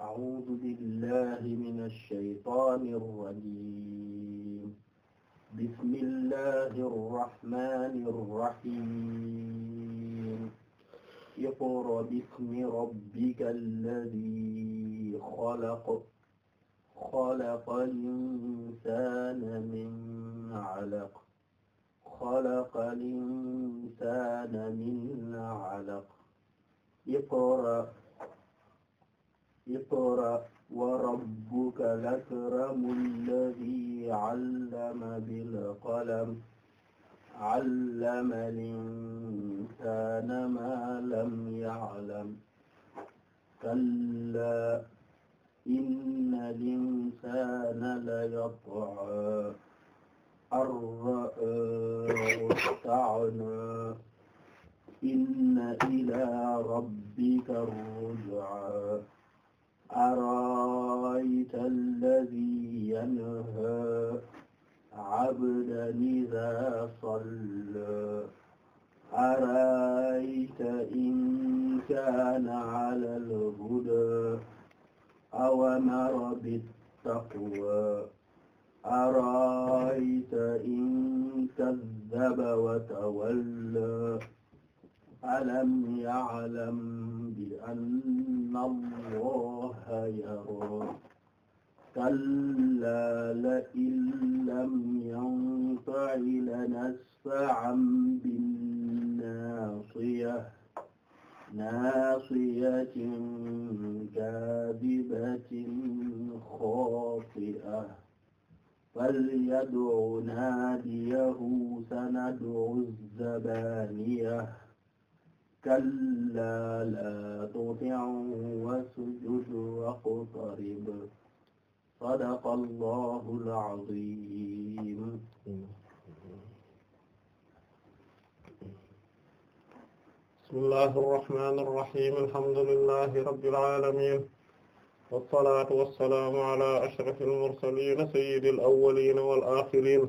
أعوذ بالله من الشيطان الرجيم بسم الله الرحمن الرحيم اقرأ باسم ربك الذي خلق خلق الإنسان من علق خلق الإنسان من علق اقرأ اقرأ وربك الأكرم الذي علم بالقلم علم الإنسان ما لم يعلم كلا إن الإنسان ليطغى أن رآه استعنا إن إلى ربك الرجعى أرأيت الذي ينهى عبدا إذا صلى أرأيت إن كان على الهدى أو أمر بالتقوى أرأيت إن كذب وتولى ألم يعلم بأن الله يرى كلا لئن لم ينته لنسفعا بالناصية ناصية كاذبة خاطئة فليدع ناديه سندع الزبانية كلا لا تطعه واسجد واقترب صدق الله العظيم بسم الله الرحمن الرحيم الحمد لله رب العالمين والصلاة والسلام على أشرف المرسلين سيد الأولين والآخرين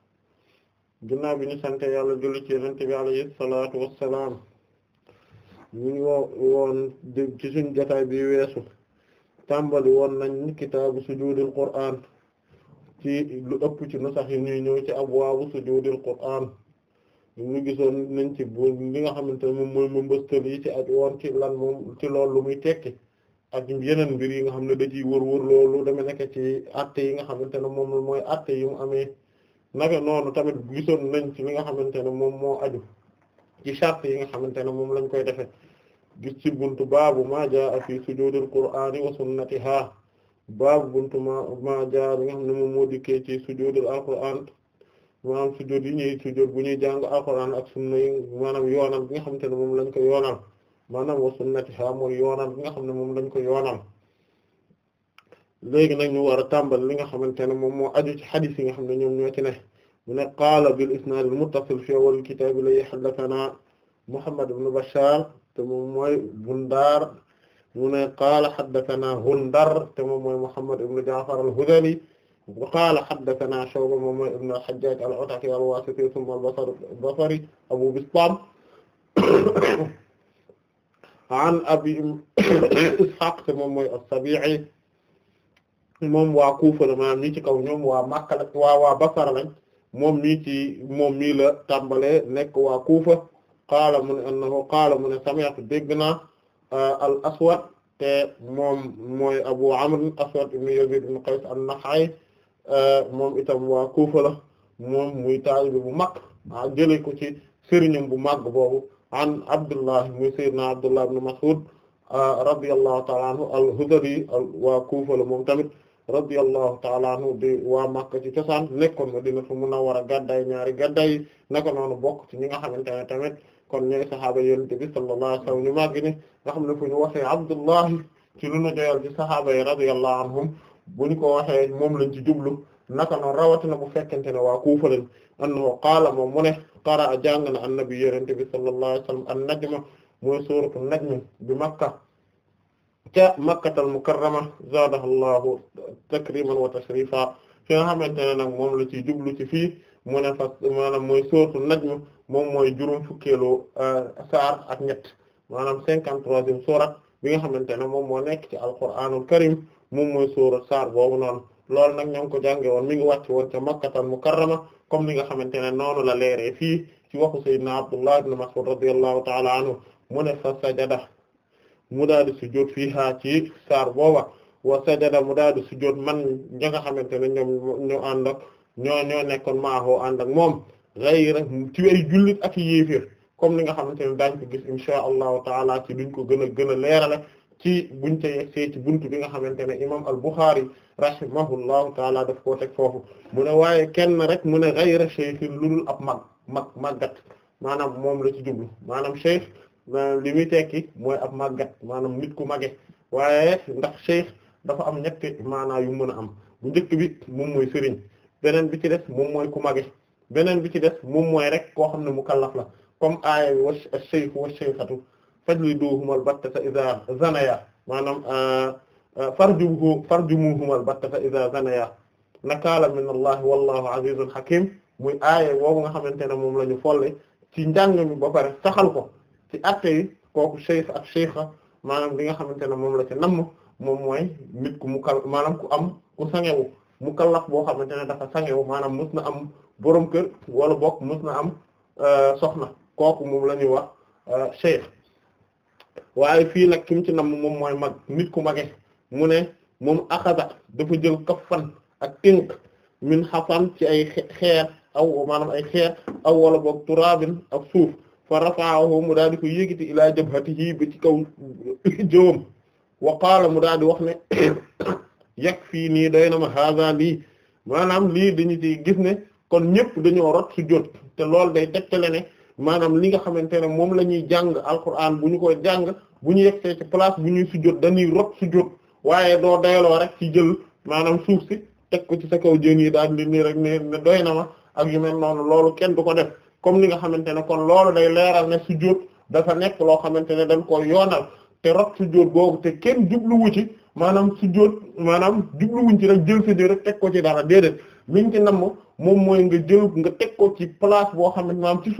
ginnaaw bi ñu sante yàlla julli ci yonent bi alayhi salaatu wassalaam ñu ngi woon ci suñu jotaay bi weesu tàmbali woon nañ kitaabu sujuudul qur'aan ci lu ëpp ci nu sax yi ñuy ñëw ci abwaabu sujuudul qur'aan ñu gisoon nañ ci bu li nga xamante ne moom mooy mbëstal yi ci at woon ci lan moom ci loolu muy tekki ak yeneen mbir yi nga xam ne da ciy wër wër loolu dama nekk ci atte yi nga xamante ne moom mooy atte yi mu amee naka noonu tamit gisoon nañ ci li nga xamante ne moom moo aju ci charte yi nga xamante ne moom lañ koy defee gis ci buntu baabu maa jaa fi sujuudil qur'aani wa sunnatihaa baabu buntu maa maa jaa bi nga xam ne moom moo dikkee ci sujuudil alqur'aan maanaam sujuud yi ñuy sujuud bu ñuy jàng alqur'aan ak sunna yi maanaam yoonal bi nga xamante ne moom lañ ko yoonal maanaam wa sunnatihaa mooy yoonal bi nga xam ne moom lañ koy yoonal. léegi nag ñu war a tàmbali li nga xamante ne moom moo aju ci xadis yi nga xam ne ñoom ñoo ci ne mu ne qaala bil isnaad al muttasil fi awwal kitaab li haddathana Muhammad ibn Bashar te moom mooy Bundar mu ne qaala haddathana Hundar te moom mooy Muhammad ibn Ja'far al-Hudhali wa qaala haddathana Shu'ba moom mooy ibn al-Hajjaj al-Ataki al-Wasiti thumma al-Basri Abu Bistam an Abi Ishaq te moom mooy as-Sabi'i moom waa Kufa la maanaam ñi ci kaw ñoom waa Makka la waa waa Basra lañ moom mii ci moom mii la tàmbalee nekk waa Kufa qaala mu ne annahu qaala mu ne sami'tu dégg naa uh, al aswad te moom mooy Abu Amr aswad ibn Yazid ibn Qays an-Nakha'i uh, moom itam waa Kufa la moom muy taalibe bu mag a ah, jëlee ko ci sëriñam bu mag boobu an Abdullah muy sayyidina Abdullah ibn Mas'ud uh, radiyallahu ta'ala anhu al-Hudhali waa Kufa la moom tamit radiyallahu ta'ala anhu di waa Makka ci cosaan nekkoon Madinatu Munawwara gàddaay ñaari gàddaay yi naka noonu bokk ci ñi nga xamante ne tamit kon ñooy saxaaba yonent bi sallallahu alayhi wa sallam ñu màgg ni nga xam ne fu ñu waxee Abdullahi ci lu ñu doyal ci saxaaba yi radiyallahu anhum bu ñu ko waxee moom lañ ci jublu naka noonu rawatina bu fekkente ne waa Kuufa lañ annahu qaala moom mu ne qara'a jàng na annabi yonent bi sallallahu alayhi wa sallam an-najma mooy suuratu najm bi Makka ca makkatal mukarrama zaadahallaahu takriman wa tashrifa fi nga xamante ne nag moom la ciy jublu ci fii mu ne fas maanaam mooy sóortu najm moom mooy juróom fukkeelu eh, saar ak ñett maanaam cinquante-troisième sóorat bi nga xamante ne moom moo nekk ci alquraanul karim moom mooy sóorat saar boobu noonu loolu nag ñoo ngi ko jànge woon mi ngi wàcc woon ca makkatal mukarrama comme ni nga xamante ne noonu la leere fii ci waxu sayyidina abdullah ibn mas'ud radiyallahu ta'ala anhu mu ne fa sajada mu daal di fi fiihaa ci saar booba wa sajada mu daal di sujjóot man ña nga xamante ne ñoom ñoo ànd ak ñoo ñoo nekkoon maaxoo ànd ak moom ghayra ci wéy jullit ak yéeféer comme ni nga xamante ne daañ ko gis inshaa allahu taala ci duñ ko gën a gën a leerale ci buñ ca yegsee ci buntu bi nga xamante ne imam al-Bukhari rahimahullahu taala daf koo teg foofu mu ne waaye kenn rek mu ne ghayra shaykhin lu dul ab mag mag màggat maanaam moom la ci jublu maanaam shaykh maanaam li muy tekki mooy ab màggat maanaam nit ku mage waaye ndax cheikh dafa am ñetti maanaa yu mën a am bu njëkk bi moom mooy sëriñ beneen bi ci des moom mooy ku mage beneen bi ci des moom mooy rek koo xam ne mu kallaf la comme aaya bi wa cheikh wa cheikhatu fajliduhumal battata iza zanaya maanaam euh, euh, farjuhu farjumuhumal battata iza zanaya nakaala min allah wallahu azizun hakim muy aaya boobu nga xamante ne moom la ñu folle ci njàng mi ba pare saxal ko ci atte kooku cheikh ak cheikha maanaam li nga xamante ne moom la ci nam moom mooy nit ku mu kal maanaam ku am ku sangewu mu kallaf boo xamante ne dafa sangewu maanaam mës na am borom kër wala bokk mës na am euh, soxna kooku moom la ñuy wax euh, cheikh waaye fii nag ki mu ci namm moom mooy mag nit ku mage mu ne moom axada dafa jël kafan ak tënk min xafan ci ay xeer aw maanaam ay xeer aw wala boog turaabin ak suuf fa rafa'ahu mu daal di ko yéegiti ilaa jabhatihi ba ci kaw jëwam wa qaala mu daal wax ne yakfii nii doy na ma haza lii maanaam lii dañu ci gis ne kon ñëpp dañu rot su jot te loolu day tegtale ne maanaam li nga xamante ne moom la ñuy jàng alquran bu ñu koy jàng bu ñu yegsee ci place bu ñuy sujjóot dañuy rot sujjóot waaye doo doyloo rek ci jël maanaam suuf si teg ko ci sa kaw jën yi daal di nii rek ne doy na ma ak yu mel noonu loolu kenn du ko def comme ni nga xamante ne kon loolu day leeral ne sujjóot dafa nekk loo xamante ne dañ ko yoonal te rot sujjóot boobu te kenn jubluwu ci maanaam sujjóot maanaam jubluwuñ ci rek jël séddée rek teg ko ci dara déedéet liñ ci namm moom mooy nga jël nga teg ko ci place boo xam ne maanaam ci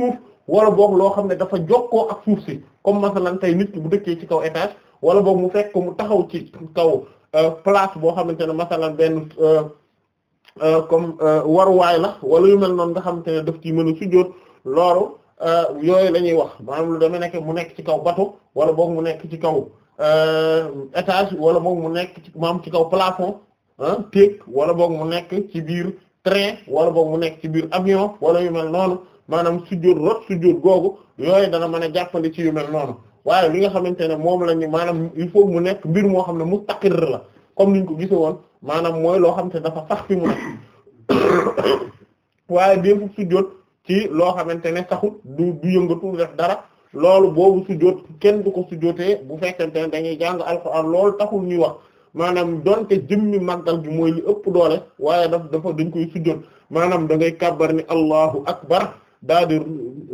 wala boog loo xam ne dafa jokkoo ak suuf si comme masalan nit bu dëkkee ci kaw étage wala boog mu fekk mu taxaw ci kaw euh, place boo xamante ne masalan benn euh, euh, comme waruwaay la wala yu mel noonu nga xamante ne daf ci mën a sujjóot loolu euh, yooyu la ñuy wax maam lu dama nekk mu nekk ci kaw bateau wala boog mu nekk ci kaw euh, étage wala boog mu nekk ci maam ci kaw plafond ah wala boog mu nekk ci biir train wala boog mu nekk ci biir avion wala yu mel noonu maanaam sujjóot rot sujjóot googu yooyu dana mën a jàppandi ci yu mel noonu waaye li nga xamante ne moom la ñu maanaam il faut mu nekk mbir moo xam ne mustaqir la comme niñ ko gise woon maanaam mooy loo xam te dafa sax fi mu nekk waaye déefu sujjóot ci loo xamante ne saxut du du yëngatu def dara loolu boobu sujjóot kenn du ko sujjóotee bu fekkente ne dañuy jàng alxuraan loolu taxul ñuy wax maanaam donte jëmmi màggal gi mooy li ëpp doole waaye daf dafa dañ koy sujjóot maanaam da ngay kàbbar ni allahu akbar daal di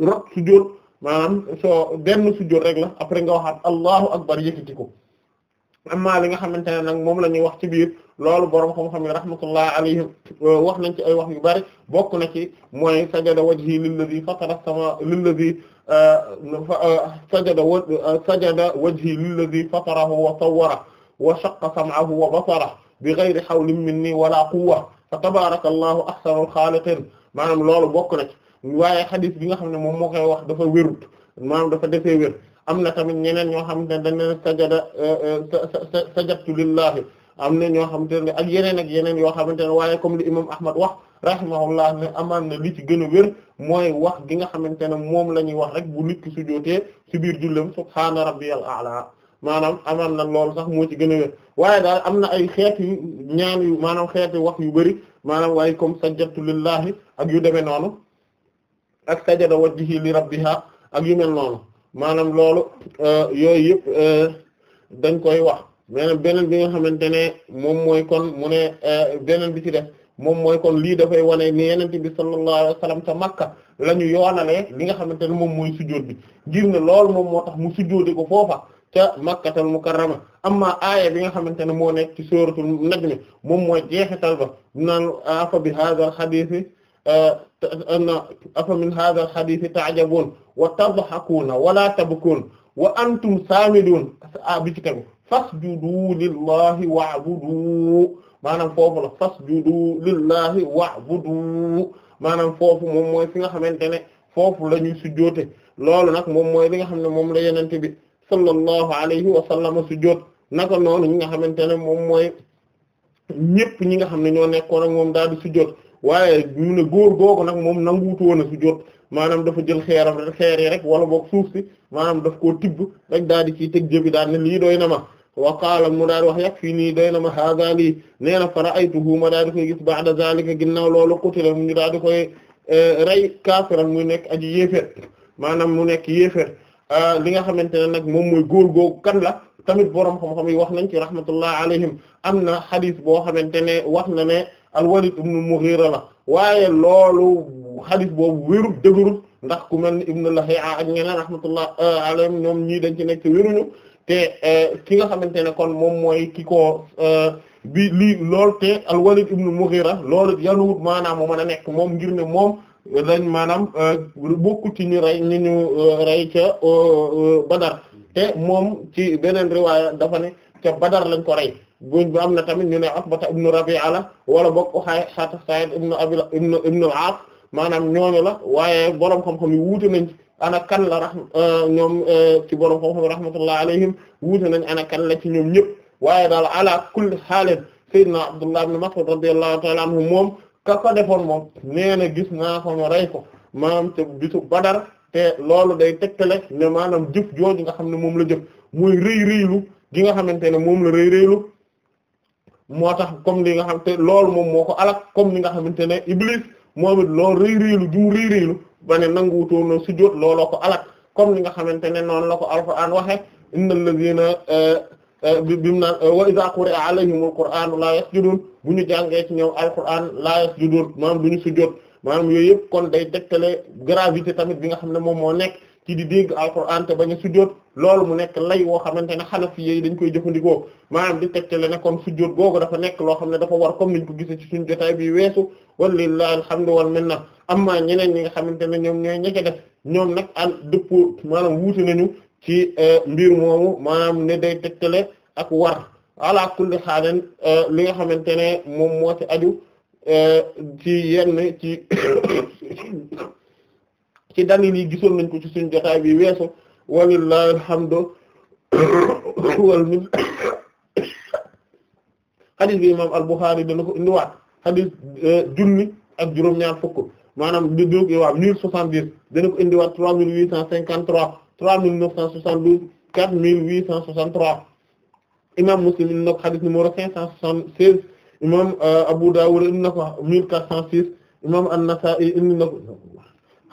rot sujjóot maanaam soo benn sujjóot rek la après nga waxaat allahu akbar yëkkati ko amma li nga xamante ne nag moom la ñuy wax ci biir loolu borom xam-xam yi rahmatullah alayhim euh, wax nañ ci ay wax yu bari bokk na ci mooy sajada wajhi lillazi fatara sama lillazi euh, euh, sajada wa sajada wajhi lillazi fatarahu wa sawwara wa shaqqa sam'ahu wa basara bi ghayri hawlin minni wala quwwa fa tabaraka allahu ahsanul xaaliqiin maanaam loolu bokk na ci waaye xadis bi nga xam ne moom moo koy wax dafa wérut maanaam dafa defee wér am na tamit ñeneen ñoo xamante ne dañ leen sajada eh, eh, sajadtu lillahi am na ñoo xamante ne ak yeneen ak yeneen yoo xamante ne waaye comme li imam Ahmad wax rahimahullah ne amaan na li ci gën a wér mooy wax gi nga xamante ne moom la ñuy wax rek bu nit ki su jootee ci biir jullam subhaana a'la maanaam amaan na loolu sax moo ci gën a wér waaye daal am na ay xeet yu ñaan yu maanaam xeeti wax yu bëri maanaam waaye comme sajadtu lillahi ak yu demee noonu ak sajada wajhihi li rabbiha ak yu mel noonu maanaam loolu euh, yooyu yëpp euh, dañ koy wax maanaam beneen bi nga xamante ne moom mooy kon mu ne euh, beneen bi ci def moom mooy kon lii da dafay wane ni yenent bi sallallahu alayhi wa sa Makka la ñu yoonalee li nga xamante ne moom mooy sujjóot bi ngir ne lool moom moo tax mu sujjóote ko foofa ca makkatal mukarrama amma aaya bi nga xamante ne moo nekk ci sóoratul najm moom mooy tal ba naan afa bi hadha al afa min hadha al hadith ta'jabun wa tadhakuna wa la tabkun wa antum samidun a bi ci tegu fasjudu lillahi wa'budu maanaam foofu la fasjudu lillahi wa'budu maanaam foofu moom mooy fi nga xamante ne foofu la ñuy sujjoote loolu nag moom mooy li nga xam ne moom la yenente bi sallallahu alayhi wa sallam sujjoot naka noonu ñi nga xamante ne moom mooy ñépp ñi nga xam ne ñoo nekkoon ak moom daal di sujjoot waaye mu ne góor googu nag moom nanguutu woon a sujjóot maanaam dafa jël xeeram rek xeer yi rek wala boog suuf si maanaam daf koo tibb rek daal di ciy teg jëbi daal ne lii doy na ma wa qaala mu daal wax yàq fii nii doy na ma haada lii nee na fara aytuhu ma daal di koy gis ba'da zalika ginnaaw loolu qutila mu ñu daal di koy eh, rey kaafiran muy nekk aji yéefér maanaam mu nekk yéefér ah, li nga xamante ne nag moom muy góor googu kan la tamit boroom xam-xam yi wax nañ ci rahmatullah alayhim am na xadis boo xamante ne wax na ne al-Walid ibn al la waaye loolu hadith boobu wiru dëgërul ndax ku mel ni ibn Lahi'a ak ñeneen rahmatullah euh, alayhim ñoom ñii dañ ci nekk wéruñu te euh, ki nga xamante ne kon moom mooy ki ko euh, bi lii lool te al-Walid ibn al-Mughira loolu yanuwut maanaam moo mën a nekk moom ngir ne moom lañ maanaam bokku ci ñu rey ni ñu rey ca Badar te moom ci beneen waaye dafa ne ca Badar lañ ko rey bu am na tamit ñu ne Utbata ibnu Rabi'a la wala boog Uhay xata Sa'id ibnu Abi maanaam ñooñu la waaye borom xam-xam yi nañ ana kan la rax euh, ñoom euh, ci borom xam-xam yi rahmatullah alayhim wuute nañ ana kan la ci ñoom ñëpp waaye daal ala kulli xaalin Seydina Abdullah ibn Mas'ud radiyallahu ta'ala anhu moom ka ko defoon moom nee na gis naa ko ma rey ko maanaam te bisu Badar te loolu day tegtale ne maanaam jëf jooju nga xam ne moom la jëf muy rëy rëylu gi nga xamante ne moom la rëy rëylu moo tax comme li nga xam te loolu moom moo ko alak comme ni nga xamante ne Iblis moom it loolu rëy réylu ju mu rëy réylu ba ne nanguwutoon sujjóot looloo ko alak comme li nga xamante ne noonu la ko Alxuraan waxe innal lazina eh, eh, bi mu naan eh, wa iza quri'a alayhimul qur'aanu laa yasjuduun bu ñu jàngee ci ñoom Alxuraan laa yasjuduun maanaam du ñu sujjóot maanaam yooyu yëpp kon day tegtale gravité tamit bi nga xam ne moom moo nekk ci di dégg alquran te bañ a sujjóot loolu mu nekk lay woo xamante ne xanafi yi dañ koy jëfandikoo maanaam di tegtale ne kon sujjóot googu dafa nekk loo xam ne dafa war comme niñ ko gisee ci suñu jotaay bi weesu walillahi alhamdu wal minna amma ñeneen ñi nga xamante ne ñoom ñooy ñeke def ñoom nag an dëppoo maanaam wuute nañu ci euh, mbir moomu maanaam ne day tegtale ak war ala kulli euh, li nga xamante ne moom moo ci aju euh, ci yenn ci ci dan yi gisoon nañ ko ci suñu jotaay bi weesu walillahi alhamdu wal min hadith bi imam al-Bukhari dana ko indiwaat hadith euh, junni ak juróom-ñaar fukk maanaam di dug waaw mille ko indiwaat trois mille huit cent cinquante-trois trois mille neuf cent soixante-douze quatre mille huit cent soixante-trois imam Muslim indi na ko cinq cent soixante-seize imam euh, Abu Dawud indi ko mille quatre cent six imam An-Nasa'i indi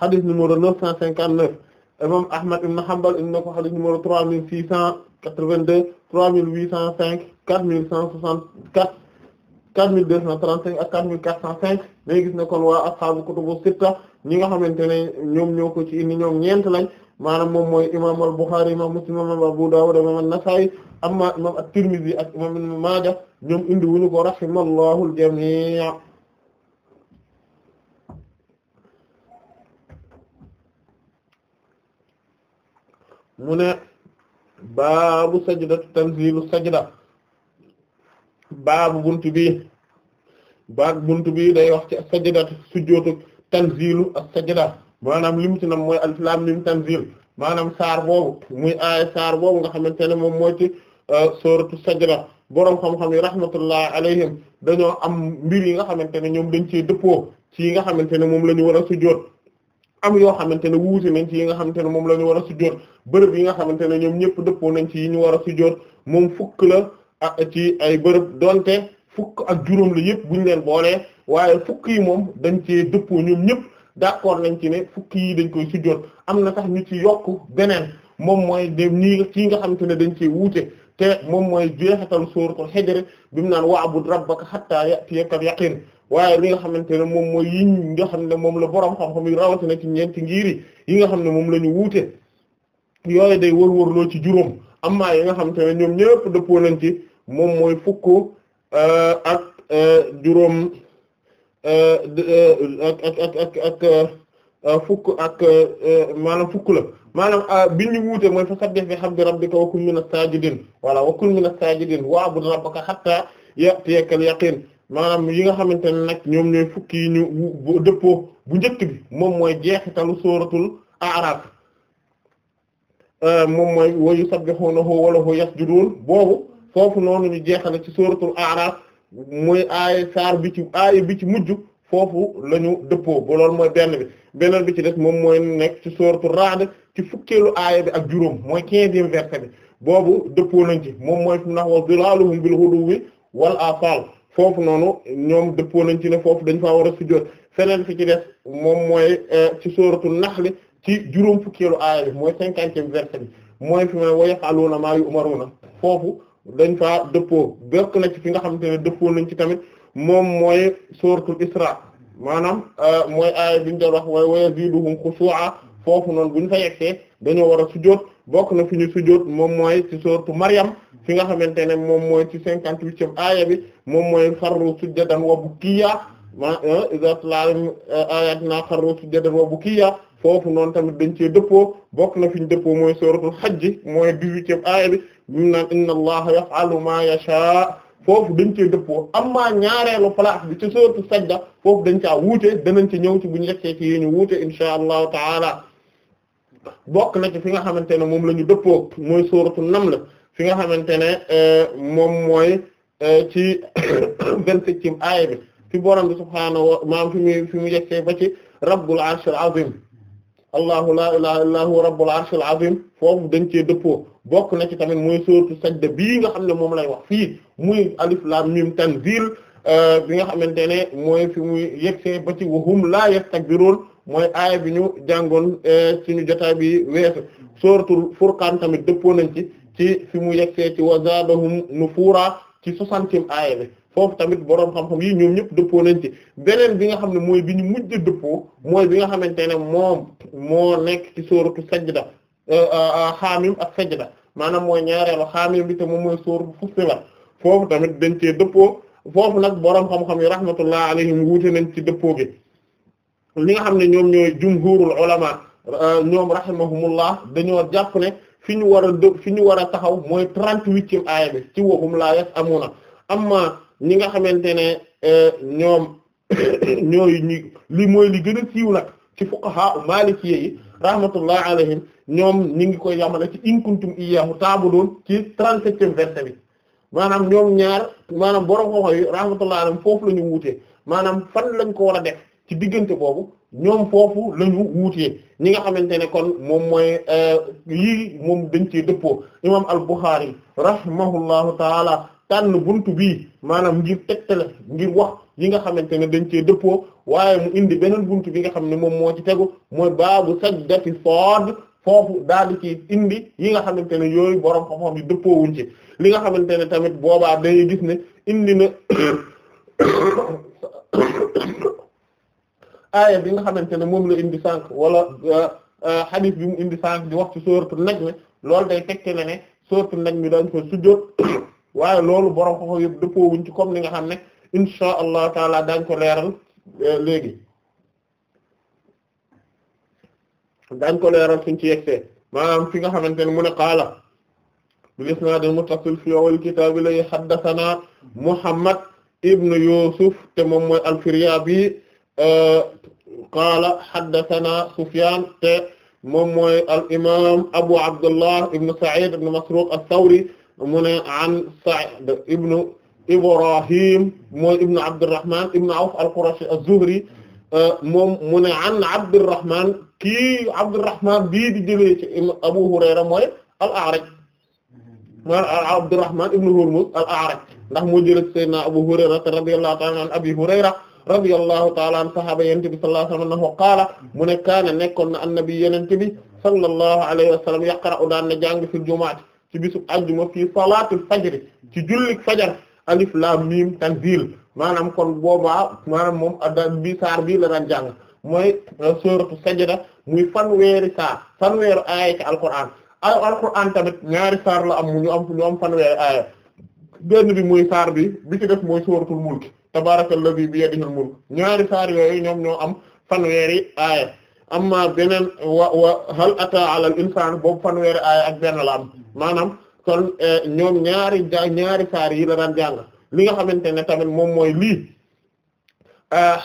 xadis numéro 959 imam Ahmad ibn Hanbal indi na ko xadis numéro 3682 3805 4164 4235 ak 4405 mais gis na kon a ashabu kutubu sitta ñi nga xamante ne ñoom ñoo ko ci indi ñoom ñeent lañ maanaam moom mooy imam al-Bukhari imam Muslim imam Abu Dawud imam an-Nasa'i amma imam at-Tirmidhi ak imam Ibn Maaja ñoom indi wuñu ko rahimallahu al-jami' mu ne baabu sajdatu tanzilu sajda baabu buntu bi baab buntu bi day wax ci sajdatu sujjóotu tanzilu as-sajda maanaam lim ci nam mooy alif lam mim tanzil maanaam saar boobu muy aaya saar boobu nga xamante ne moom mooy ci euh, sooratu sajda boroom xam-xam yi rahmatullah alayhim dañoo am mbir yi nga xamante ne ñoom dañ ci dëppoo ci yi nga xamante ne moom la ñu war a sujjóot am yoo xamante ne wuute nañ ci yi nga xamante ne moom la ñu war a sujjóot bërëb yi nga xamante ne ñoom ñëpp dëppoo nañ ci yi ñu war a sujjóot moom fukk la ah, ci ay bërëb donte fukk ak juróom la yëpp buñ leen boolee waaye fukk yi moom dañ cee dëppoo ñoom ñëpp d'accord nañ ci ne fukk yi dañ koy sujjóot am na sax ñu ci yokk beneen moom mooy de ñii ci nga xamante ne dañ ci wuute te moom mooy jeexital suuratul Hijr bi mu naan wa'bud rabbaka hatta ya'tiyakal yaqiin waaye li nga xamante ne moom mooy yi nga xam ne moom la borom xam-xam yi rawatina ci ñeenti ngiri yi nga xam ne moom la wuute yooyu day wër-wërloo ci juróom amma yi nga xamante ne ñoom ñëpp dëppoo nañ ci moom mooy fukk euh, ak euh, juróom euh, ak ak ak fukk maanaam fukk la maanaam bi ñu wuute mooy fasabbih bihamdi rabbika wa kun minas saajidin wala wa kun minas saajidin wa'bud rabbaka hatta ya'tiyakal yaqiin maanaam yi nga xamante ne nag ñoom ñooy fukki yi ñu dëppoo bu njëkk bi moom mooy jeexitalu sóoratul A'raf euh, moom mooy wa yusabbihunahu wa lahu yasjudun boobu foofu noonu ñu jeexale ci sóoratul A'raf mooy aaya saar bi ci aaya bi ci mujj foofu lañu dëppoo ba loolu mooy benn bi beneen bi ci des moom mooy nekk ci sóoratul Ra'd ci fukkeelu aaya bi ak juróom mooy quinzième verset bi boobu dëppoo nañ ci moom mooy fi mu nax wa zilaluhum bil ghuduwwi wal asal foofu noonu ñoom dëppoo nañ ci ne foofu dañ faa war a sujjóot feneen fi ci des moom mooy euh, ci sóoratu naxli ci juróom fukkeelu aaya bi mooy cinquantième verset bi mooy fi ma wa yaf'aluuna maa yu'maruuna foofu dañ faa dëppoo bokk na ci fi nga xamante ne dëppoo nañ ci tamit moom mooy sóoratu Isra maanaam euh, mooy aaya bi ñu doon wax wa yaziiduhum xushuu'a foofu noonu bu ñu fa yegsee dañoo war a sujjóot bokk na fi ñu sujjóot moom mooy ci sooratu Maryam fi nga xamante ne moom mooy ci cinquante-huitième aaya bi moom mooy xarru sujjadan wa bukiyya ma euh, iza tuliyat euh, ayatina xarru sujjadan wa bukiyya foofu noonu tamit dañ cee dëppoo bokk na fi ñu dëppoo mooy sooratu Hajj mooy dix-huitième aaya bi bimu naan inna allaha yaf'alu ma yasha foofu dañ cee dëppoo amma ñaareelu place bi ci sooratu Sajda foofu dañ caa wuute danañ ci ñëw ci buñu yeggee ci yéen ñu wuute insha allahu taala bokk na fi nga xamante ne moom la ñu dëppoo mooy nam Naml fi nga xamante ne euh, moom mooy euh, ci vingt-septième aaya bi fi borom bi subhaanahu maam fi mu fi mu yegsee ba ci rabbul arshil azim allahu la ilaha illa huwa rabbul arshil azim foofu dañ cee dëppoo bokk na ci tamit muy suuratu sajda bii nga xam ne moom lay wax fii muy alif lam mim tanzil euh, bi nga xamante ne mooy fi muy yegsee ba ci wa laa la yastakbiruun mooy aaya bi ñu jàngoon eh, suñu jotaay bi weesu suratul furqaan tamit dëppoo nañ ci ci fi mu yegsee ci wa nu nufuura ci soixantième aaya bi foofu tamit boroom xam-xam yi ñoom ñëpp dëppoo nañ ci beneen bi nga xam ne mooy bi ñu mujj dëppoo mooy bi nga xamante ne moom moo nekk ci suratu sajda eh, eh, xaamim ak sajda maanaam mooy ñaareelu xaamim bi te moom mooy suratu la foofu tamit dañ cee dëppoo foofu nag boroom xam-xam yi rahmatullah alayhim wuute nañ ci dëppoo gi ñi nga xam ne ñoom ñooy jumhurul ulama euh, ñoom rahimahumullah dañoo jàpp ne fi ñu war a fi ñu war a taxaw mooy trente-huitième aaya bi ci wahum laa yas'amuna amma ñi nga xamante ne euh, ñoom ñooy ñi li mooy li gën a siiw nag ci fuqaha maalikiyyi yi rahmatullah alayhim ñoom ñi ngi koy yamale ci in kuntum iyyahu ta'budun ci trente-septième verset bi maanaam ñoom ñaar maanaam borom xoxo yi rahmatullah alayhim foofu la ñu wuute maanaam fan lañ ko war a def ci diggante boobu ñoom foofu lañu ñu wuutee ñi nga xamante ne kon moom mooy yii moom dañ cee dëppoo imam al-Bukhari rahimahullahu taala tànn buntu bi maanaam ngir tegtale ngir wax yi nga xamante ne dañ cee dëppoo waaye mu indi beneen buntu bi nga xam ne moom moo ci tegu mooy baabu sajdati sood foofu daal di ci indi yi nga xamante ne yooyu borom xam-xam yi dëppoowuñ ci li nga xamante ne tamit boobaa dañuy gis ne indi na aaya bi nga xamante ne moom la indi sànq wala hadith euh, euh, bi mu indi sànq di wax ci sóoratu najm loolu day tegtale ne sóoratu najm dañ ko waaye loolu borom xoxo yëpp dëppoo wuñ ci comme li nga xam ne insha allah taala dañ ko leeral euh, léegi dañ ko leeral suñ ci yegsee maanaam fi nga xamante ne mu ne qaala bil isnaad al muttasil fi awwal kitaab lay haddathana Muhammad ibn Yusuf te moom mooy al-Firyabi Euh, qaala haddathana Sufyaan te moom mooy al imaam Abu Abdullah ibn Sa'id ibn Masruq ath-Thawri mu ne an Sa'id ibn Ibrahim mooy ibn Abdurrahman ibn Awf al-Qurashi az-Zuhri euh, moom mu ne an Abdurrahman kii Abdurrahman bii di jëlee ci Abu Hurayra mooy al-A'raj mooy Abdurrahman ibn Hurmuz al-A'raj ndax moo jëlee ci Sayyidina Abu Hurayra radiyallahu ta'ala an Abi Hurayra radiyallahu taala an sahaaba yenente bi sallallahu alayhi wasallam annahu qaala mu ne kaana nekkoon na annabi yenente bi sallallahu alayhi wa sallam yaqra'u daan na jàng fil jumaati ci bisub ajjuma fii salaatul fajri ci jullik fajar alif laam miim tanzil maanaam kon boobaa maanaam moom addan bi saar bii la daan jàng mooy euh, suratu sajda muy fanweeri saar fanweeri aaya ci alquran ay tamit ñaari saar la am mu ñu am fanweeri aaya bi muy saar bi bi ci def mooy suratul mulk tabaarakallazii biyadihil mulk ñaari saar yooyu ñoom ñoo am fanweeri aaya amma beneen wa wa hal ataa alal insaan boobu fanweeri aaya ak benn la am maanaam kon eh, ñoom ñaari ja ñaari saar yi la daan jàng li nga xamante ne tamit moom mooy lii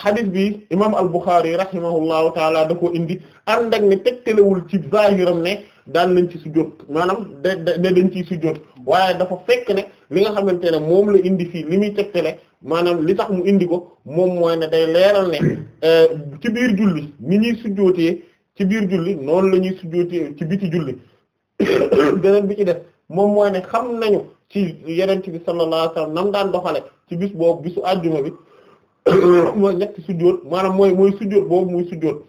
hadith eh, bi imaam al-Bukhari rahimahullahu taala da ko indi ànd ak ne tegtalewul ci baar zaahiram ne daan nañ ci sujjóot maanaam da da dañ ciy sujjóot waaye dafa fekk ne. li nga xamante ne moom la indi fii li muy tegtale maanaam li tax mu indi ko moom mooy ne day leeral ne euh, ci biir julli ni ñuy sujjootee ci biir julli noonu la ñuy sujjootee ci biti julli beneen bi ci def moom mooy ne xam nañu ci yeneen bi sallallahu alayhi wasallam nam daan doxale ci bis boobu bisu àjjuma bi mooy ñetti sujjoot maanaam mooy mooy sujjoot boobu muy sujjoot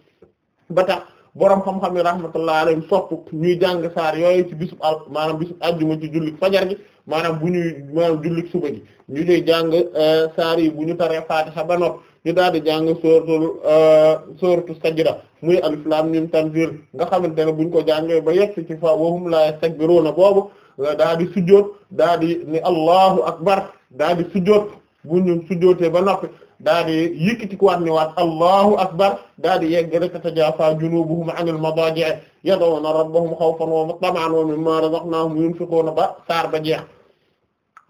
ba tax borom xam-xam yi rahmatullah alayhim sopp ñuy jàng saar yooyu ci bisub al maanaam bisub àjjuma ci julli fajar gi maanaam bu ñuy maanaam jullit suba gi ñu ñuy jàng euh, saar yi bu ñu taree Fatiha ba nopp ñu daal di jàng sóoratul euh, sóoratu sajda muy alif laam miim tanzil nga xamante ne bu buñ ko jàngee ba yegg ci fa wa hum laa yastakbiruuna boobu daal di sujjoot daal di ne allahu akbar daal di sujjoot bu ñu sujjootee ba noppi daa di yëkkatikuwaat ne waat allahu akbar daa di yeggale tatajaafa junubuhum anil madaaji' yad'una rabbahum khawfan wa tama'an wa mimma razaqnahum yunfiquna ba saar ba jeex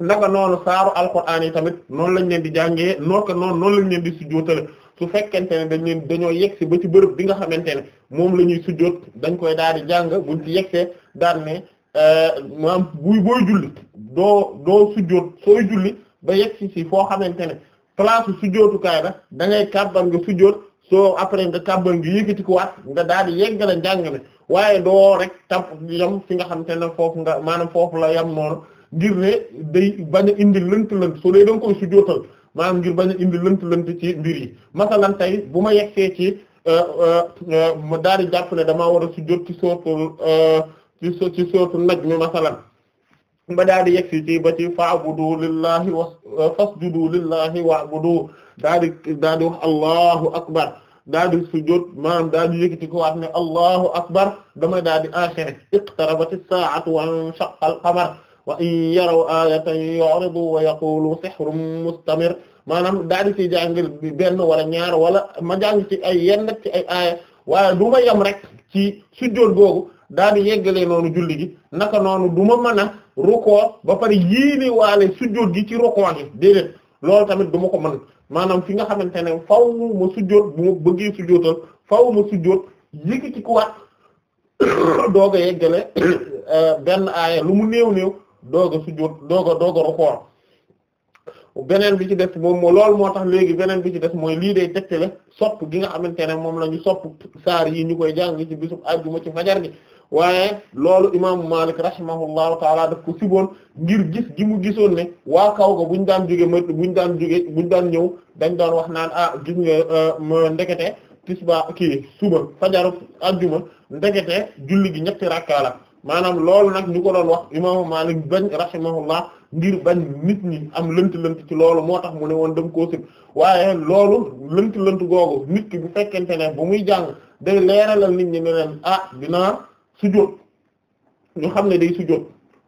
naka noonu saaru alquraan yi tamit noonu lañ leen di jàngee noo ko noonu noonu lañ leen di sujjootale su fekkente ne dañ leen dañoo yegsi ba ci bërëb bi nga xamante ne moom la ñuy sujjoot dañ koy daal di jàng buñ ci yegsee daan ne euh, maanaam buy booy julli doo sujjoot sooy julli ba yegsi si foo xamante ne place kaay la da ngay kàbbal nga sujjoot soo après nga kàbbal nga yëkkati ko nga daal di yeggale njàng mi waaye doo rek tam yam fi nga xam te na foofu nga maanaam foofu la yam noonu ngir ne day bañ a indi lënt-lënt soo dee da nga koy sujjootal maanaam ngir bañ a indi lënt-lënt ci mbir yi masalan tey bu ma yegsee ci euh, euh, euh, ma daal di jàpp ne damaa war a sujjoot ci sootul ci ci sootul naj mi masalan ba daal di yegsi ci ba ci fa'budu lillahi wa fasjudu lillahi wa'budu daal di daal di wax allahu akbar daal di sujjóot maanaam daal di yëkkati ko waat ne allahu akbar damay daal di enchaîner iqtarabati saa'atu wa inshaqqa al-qamar wa in yaraw ayatan yu'ridu mustamir maanaam daal di ci jàngir benn wala ñaar wala ma jàng ci ay yenn ci ay du ma yem rek ci sujjóot googu daal di yeggalee noonu julli naka noonu du ma mën rukkoo ba pare yéene waale sujjóot gi ci rukkoo gi déedéet loolu tamit du ma ko mën maanaam fi nga xamante ne faaw ma sujjóot bu ma bëggee sujjóotal faaw ma sujjóot yëkkati ko waat doog a yeggale euh, benn aaya lu mu néew néew doog a sujjóot doog a doog a beneen bi ci des moom moo loolu moo tax léegi beneen bi ci des mooy lii day tegtale sopp gi nga xamante moom lañu ñu sopp saar yi ñu koy jàng ci bisub àjjuma ci fajar gi waaye loolu imaamu Malik rahimahullahu taala daf ko siboon ngir gis gi mu gisoon ne waa kaw ga buñ daan jóge mat buñ daan jóge buñ daan ñëw dañ doon wax naan ah gis nga euh, ndekete tisba kii suba fajaru ajjuma ndekete julli gi ñetti rakka la maanaam loolu nag ñu ko doon wax imaamu Malik bañ rahimahullah ngir bañ nit ñi am lënt-lënt ci loolu moo tax mu ne woon dem koo sib waaye loolu lënt-lënt googu nit ki bu fekkente ne ba muy jàng day leeralal nit ñi ne leen ah sujjóot ñu xam ne day sujjóot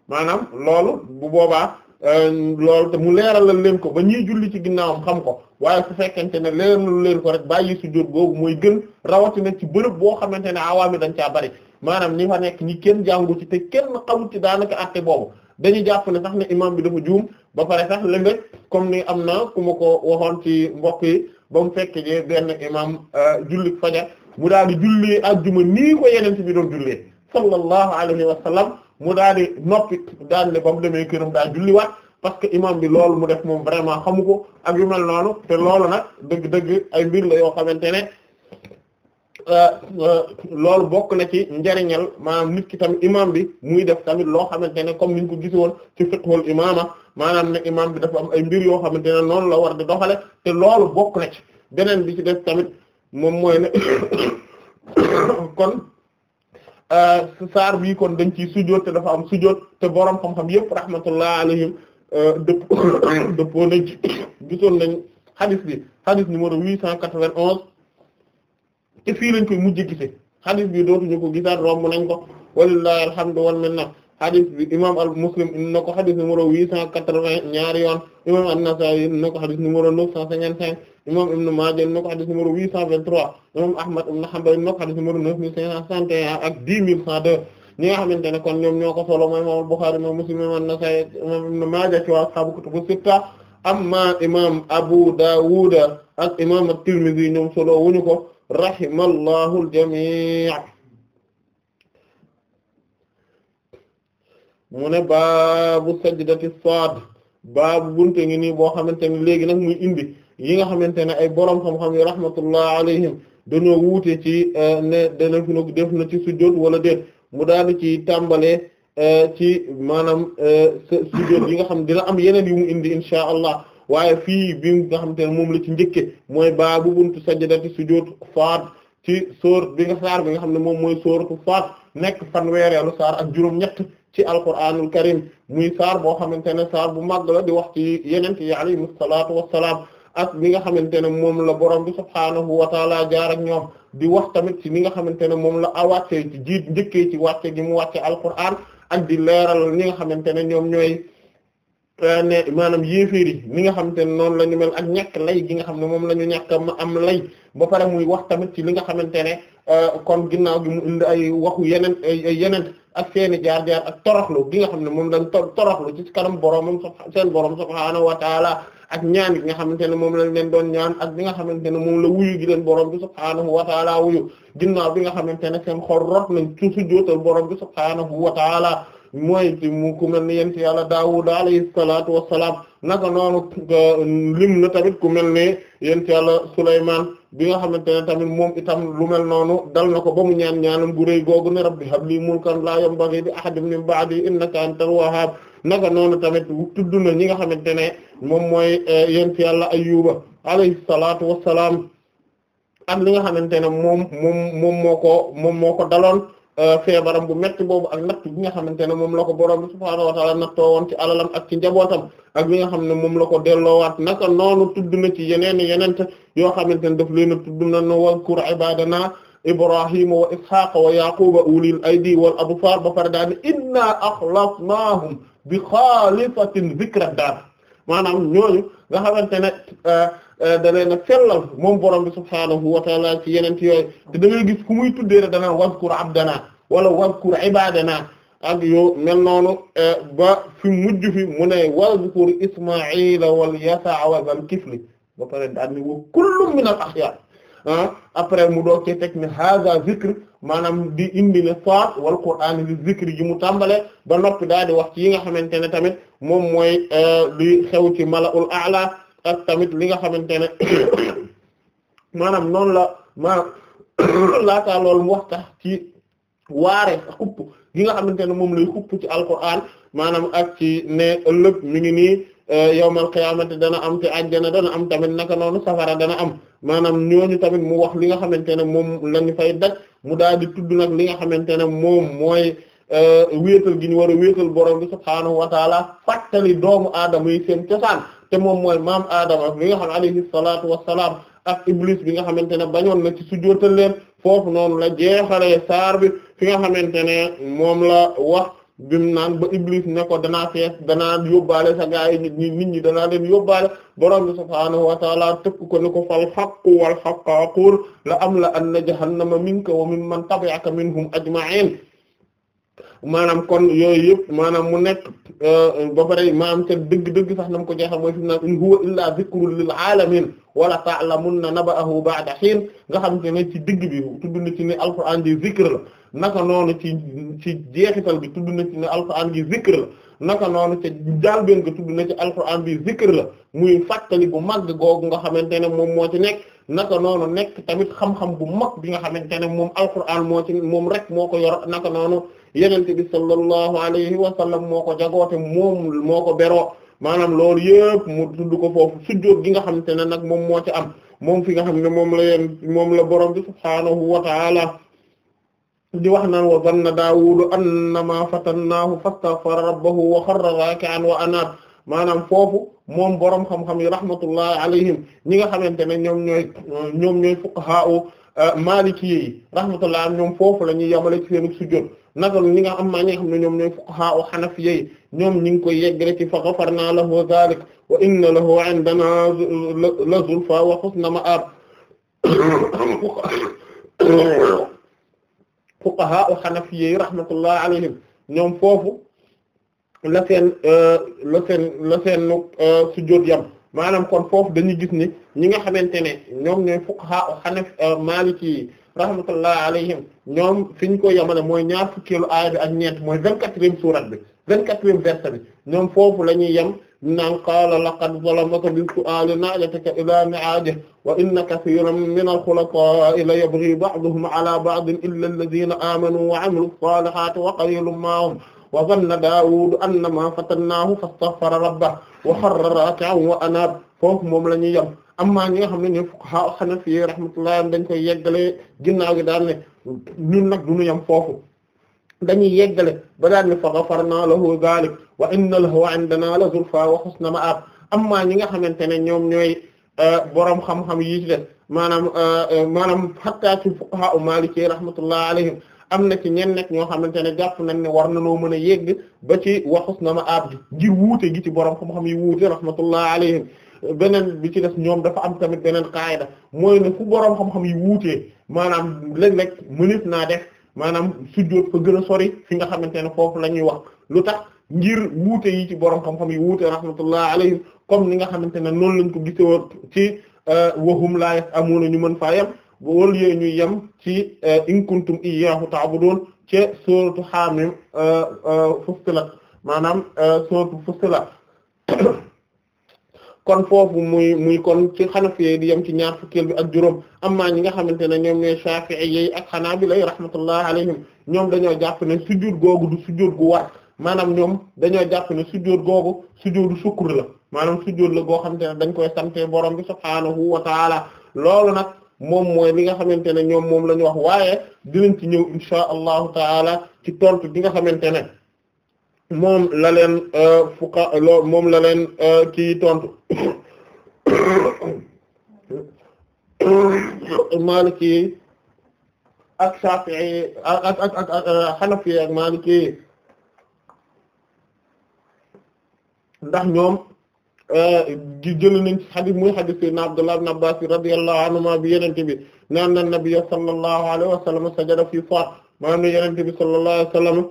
maanaam loolu bu boobaa euh, loolu te mu leeral la leen ko ba ñuy julli ci ginnaawam xam ko waaye su fekkente ne leeralal leen ko rek bàyyi sujjóot googu mooy gën rawatina ci bërëb boo xamante ne awaami dañ caa bari maanaam ñi fa nekk ñi kenn jàngu ci te kenn xamut ci daanaka àtte boobu dañu jàpp ne sax ne imam bi dafa juum ba pare sax lëmbeg comme ni am na ku ma ko waxoon ci mbokk yi ba mu fekkee jee benn imam euh, julli fajar mu daal di jullee ajjuma nii ko yeneen ci bi doon jullee sallallahu alayhi wa sallam mu daal di noppi daal ne ba mu demee daal daa julliwaat parce que imam bi loolu mu def moom vraiment xamu ko ak yu mel noonu te loolu nag dëgg-dëgg ay mbir la yoo xamante ne euh, euh, loolu bokk na ci njariñal maanaam nit ki tamit imam bi muy def tamit loo xamante ne comme niñ ko gisoon ci fiqhul imama maanaam ne bi dafa am ay mbir yoo xamante ne noonu la war di doxale te loolu bokk na ci beneen bi ci def tamit moom mooy ne kon Euh, saar bii kon dañ ciy sujjoot te dafa am sujjoot te borom xam-xam yëpp rahmatullah alayhim euh, dëppoo dëppoo nañ ci gisoon nañ xadis bi xadis numéro huit cent quatre-vingt-onze te fii lañ koy mujj gise xadis bi dootuñu ko gisaat romb nañ ko walillahi alhamdu wal minna xadis bi imam al muslim indi na ko xadis numéro huit cent quatre-vingt ñaari yoon imam an-Nasa'i indi na ko xadis numéro neuf cent cinquante-cinq imam ibn Maaja indi na ko xadis cent vingt-trois imam Ahmad ibn Hanbal indi na ko neuf mille cinq cent cent deux ñi nga xamante ne kon ñoom ñoo ko solo mooy imam al-Bukhari imam Muslim imam an-Nasa'i imam ibn Maaja ci waa ashaabu kutubu sitta amma imam Abu Dawud ak imam at-Tirmidhi ñoom solo wuñu ko mu ne baabu sajdati saad baabu bunte ngi nii boo xamante ne léegi nag muy indi yi nga xamante ne ay borom xam-xam yi rahmatullah alayhim dañoo wuute ci eh, ne dana fi nag def na ci sujjóot wala déet mu daal di ci tàmbalee eh, ci maanaam eh, sujjóot yi nga xam dina am yeneen yu mu indi insha allah waaye fii bi nga xamante ne moom la ci njëkke mooy baabu buntu sajdati sujjóot faat ci sóor bi nga saar bi nga xam ne moom mooy sóoratu faat nekk fanweereelu saar ak juróom-ñett ci alquraanul karim muy saar boo xamante ne saar bu màgg la di wax ci yeneen yi alayhimu salaatu wassalaam ak li nga xamante ne moom la borom bi subhaanahu wa taala jaar ak ñoom di wax tamit ci li nga xamante ne moom la awàcce ci jiit njëkkee ci wàcce gi mu wàcce alquraan ak di leeral ñi nga xamante ne ñoom ñooy eh, ne maanaam yéeféer yi nga xamante ne noonu la ñu mel ak ñàkk lay gi nga xam ne moom la ñu ñàkk am lay ba pare muy wax tamit ci li nga xamante ne eh, kon ginnaaw gi mu indi ay waxu yeneen ay ak seeni jaar-jaar ak toroxlu gi nga xam ne moom lañ toroxlu ci kanam boroomam seen boroom subhaanahu wa taala ak ñaan gi nga xamante ne moom lañ leen doon ñaan ak bi nga xamante ne moom la wuyu gi leen boroom bi subhaanahu wa taala wuyu ginnaaw bi nga xamante ne seen xol rot nañ ci sujjóotal borom bi subhaanahu wa taala mooy ci mu ku mel ni yent yàlla Daawuda alayhi salaatu wassalaam naka noonu lim na tamit ku mel ne yent yàlla Sulaymaan bi nga xamante ne tamit moom itam lu mel noonu dal na ko ba mu ñaan ñaanam gu rëy googu ne rabbi habli mulkan laa yanbaghi li ahadin min ba'di innaka antal wahhab naka noonu tamit tudd na ñi nga xamante ne moom mooy eh, yent yàlla Ayyuba alayhi salaatu wassalaam ak li nga xamante ne moom moom ko moom moo ko daloon Euh, feebaram bu metti boobu ak natt bi nga xamante ne moom la ko borom subhaanahu wa ta'ala nattoo woon ci alalam ak ci njabootam ak li nga xam ne moom la ko delloowaat naka noonu tudd na ci yeneen yeneen yoo xamante ne daf leen a tudd na no wazkur ibadana ibrahima wa ishaqa wa yaquba ulil aydi wal absar ba par daal inna axlasnaahum bi xaalisatin zikra daar maanaam ñooñu nga xamante ne euh, Euh, da leen a sellal moom borom bi subhaanahu wa taala ci yeneen ci yooyu te da ngay gis ku muy tuddee rek danaa wazkur abdana wala wazkur ibadana ak yo mel noonu euh, ba fi mujj fi mu ne wazkur ismaila wal yasa wa zal kifli ba pare daan ni wa kullum min al ahya ah, après mu doog ci teg ne haza zikr maanaam di indi ne saat wal qur'aan li zikr ji mu tàmbale ba noppi daal di wax ci yi nga xamante ne tamit moom mooy euh, luy xew ci mala'ul ak tamit li nga xamante ne maanaam noonu la maanaam laataa loolu mu wax tax ci waare xupp gi nga xamante ne moom lay xupp ci alquran maanaam ak ci ne ëllëg mi ngi nii euh, yawmal qiyaamati dana am te ajjana dana am tamit naka noonu safara dana am maanaam ñooñu tamit mu wax li nga xamante ne moom la ñu fay daj mu daal di tudd nag li nga xamante ne moom mooy euh, wéetal gi ñu war a wéetal borom bi subhaanahu wa taala doomu aadama yi seen cosaan moom mooy maam Adama bi nga xam alayhi salaatu wassalaam ak iblis bi nga xamante ne bañoon na ci sujjóotal leen foofu noonu la jeexalee saar bi fi nga xamante ne moom la wax bim naan ba iblis ne ko danaa fees danaa yóbbaale sa gaay nit ñi nit ñi danaa leen yóbbaale borom bi subhaanahu wa ko ni ko fal haqqu wal haqqa aqul la am la anna jahannama minka wa mimman tabi'aka minhum ajma'in maanaam kon yooyu yëpp maanaam mu nekk euh, ba pare maanaam te dëgg-dëgg sax nam ko jeexal mooy fi mu naan in huwa illaa dhikrun lil alamin wala ta'lamunna naba'ahu ba'da hin nga xam te ne ci digg bi tudd na ci ne alquran di zikr la naka noonu ci ci jeexital bi tudd na ci ne alquran di zikr la naka noonu ca jaal ben tudd na ci alquran bi zikr la muy fàttali bu mag googu nga xamante ne moom moo ci nekk naka noonu nekk tamit xam-xam bu mag bi nga xamante ne moom alquran moo ci moom rek moo ko yor naka noonu yeneen bi sallallahu alayhi wa sallam moo ko jagoote moom moo ko beroo maanaam loolu yëpp mu tudd ko foofu sujjóot gi nga xamante ne nag moom moo ci am moom fi nga xam ne moom la yeen moom la borom bi subhaanahu wa ta'ala di wax naan wa zanna daawudu annama fatannaahu fastaghfara rabbahu wa xarra raaki'an wa anaab maanaam foofu moom borom xam-xam yi rahmatullahi alayhim ñi nga xamante ne ñoom ñooy ñoom ñooy Euh, Maliki yi rahmatullah ñoom foofu la ñuy yemale ci seen sujjóot naka ñi nga am maa ñi nga xam ne ñoom ñooy fuqaha wa Hanafi yi ñoom ñi ngi koy yeggale ci fa ghafarna lahu zalik wa inna lahu indana la zulfa wa husna ma'ab fuqaha wa Hanafi yi rahmatullah alayhim ñoom foofu la seen euh, la seen la seen euh, sujjóot yam maanaam kon foofu dañuy gis ni ñi nga xamante ne ñoom ñooy fuqaha xanaf euh, maliki yi rahmatullah alayhim ñoom fi ñu ko yemale mooy ñaar fukkeelu aaya bi ak ñeent mooy vingt-quatrième sourate bi vingt-quatrième verset bi ñoom foofu la ñuy yem naan qaala laqad zalamaka bi su'aali na'latika ilaa mi'aadihi wa inna kathiiran min al-khulafaa'i la yabghii ba'duhum 'alaa ba'din illaa alladhiina aamanuu wa 'amiluu s-saalihaati wa qaliilun maa hum wa zanna Daawudu annamaa fatannaahu fastaghfara rabbahu wa kharra raaki'an wa anaab foofu moom la ñuy yem amma ñi nga xam ne ñu fuqaha Hanafi rahmatullah dañ koy yeggale ginnaaw gi daan ne ñun nag du ñu yem foofu dañuy yeggale ba daan ne fa ghafarnaa lahu zaalik wa inna lahu 'indanaa la zulfaa wa husna ma'aab amma ñi nga xamante ne ñoom ñooy euh, boroom xam-xam yi ci def maanaam euh, euh, maanaam hatta ci fuqaha Maaliki rahmatullah alayhim am na ci ñen nekk ñoo xamante ne jàpp nañ ne war nanoo mën a yegg ba ci waxus nga ma ab ji ngir wuute gi ci borom xam-xam yi wuute rahmatullah alayhim beneen bi ci des ñoom dafa am tamit beneen qaayda mooy ne fu borom xam-xam wuutee maanaam léeg-léeg mënees naa def maanaam sujjóot fa gën a sori fi nga xamante ne foofu la ñuy wax lu tax ngir wuute yi ci borom xam-xam yi wuute rahmatullah alayhim comme ni nga xamante ne noonu lañ ko gisewoon ci euh, wahum la yas'amuna ñu mën faa wóolu yee ñuy yem ci euh, in kuntum iyyahu ta'budun ci sourate Hamim euh, euh, Fussilat maanaam sourate Fussilat kon foofu muy muy kon ci Hanafi di ci ñaar fukkeel bi ak juróom amma ñi nga xamante ne ñoom ñooy Shafi'i ak Hanabila rahmatullah alayhim ñoom dañoo jàpp ne sujjóot googu du sujjóot gu war maanaam ñoom dañoo jàpp ne sujjóot googu sujjóotu sukkur la maanaam sujjóot la goo xamante ne dañ koy sante boroom bi subhaanahu wa ta'ala loolu nag moom mooy li nga xamante ne ñoom moom la wax waaye dinañ ci ñëw inshaa allahu taala ci tontu bi nga xamante ne moom laleen leen euh, moom la leen euh, ci tontu maliki ak Shafi'i ak ak ak ak euh, Hanafi ak maliki ndax ñoom di euh, jël nañ hadith muy hadith sayyidina Abdullah ibn Abbas radiyallahu anhuma bi yenente bi naan na nabiyyu sallallahu alayhi wa sallam sajada fi faat maanaam ne yenente bi sallallahu alayhi wa sallam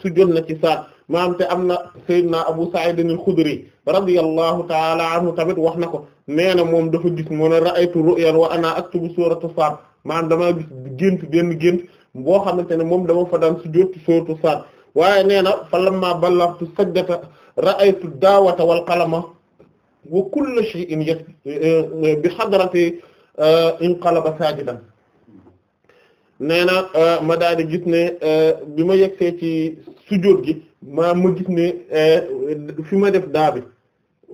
su jot na ci saat maanaam te am na sayyidina Abu Sa'id al-Khudri radiyallahu ta'ala anhu tamit wax na ko nee na moom dafa gis moo ne ra'aytu ru'yan wa ana aktubu suratu faat maanaam damaa gis gént benn gént boo xamante ne moom dama fa daan su jot ci suratu faat waaye nee na falamma ballagtu sajdata ra'aytu daawata wal qalama wa kulla shay'in yas eh, bi hadrati eh, inqalaba saajidan nee na eh, ma daal di gis ne bi ma yegsee ci sujjóot gi ma ma gis ne fi ma def daa bi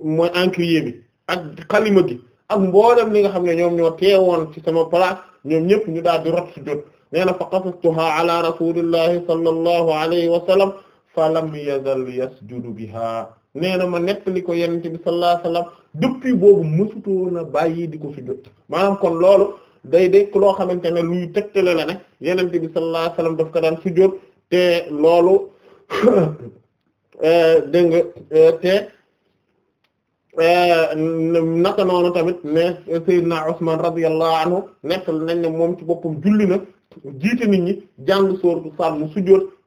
mooy encrier bi ak xalima gi ak mboolem li nga xam ne ñoom ñoo teewoon ci sama place ñoom ñëpp ñu daal di rot sujjóot nee na fa qasastuha ala rasulillahi sallallahu alayhi wa sallam falam yazal yasjudu biha nee na ma nettali ko yonent bi sallallahu alayhi wasallam depuis boobu mësutoon a bàyyi di ko fi jot maanaam kon loolu day dekk loo xamante ne luy tegtale la ne yonent bi sallallahu alayhi wasallam daf ko daan sujjóot te loolu eh, dégg nga eh, te eh, naka noonu tamit ne Seydina Usman radiyallahu anhu nettali nañ ne moom ci boppam julli na jiite nit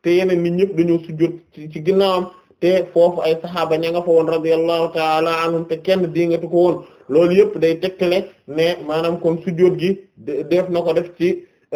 te yeneen nit ñëpp dañoo sujjóot ci ginnaawam te foofu ay saxaaba ña nga fa woon radiyallahu taala anhum te kenn dingatu ko woon loolu yëpp day tekkale ne maanaam kon sujjóot gi def na ko def ci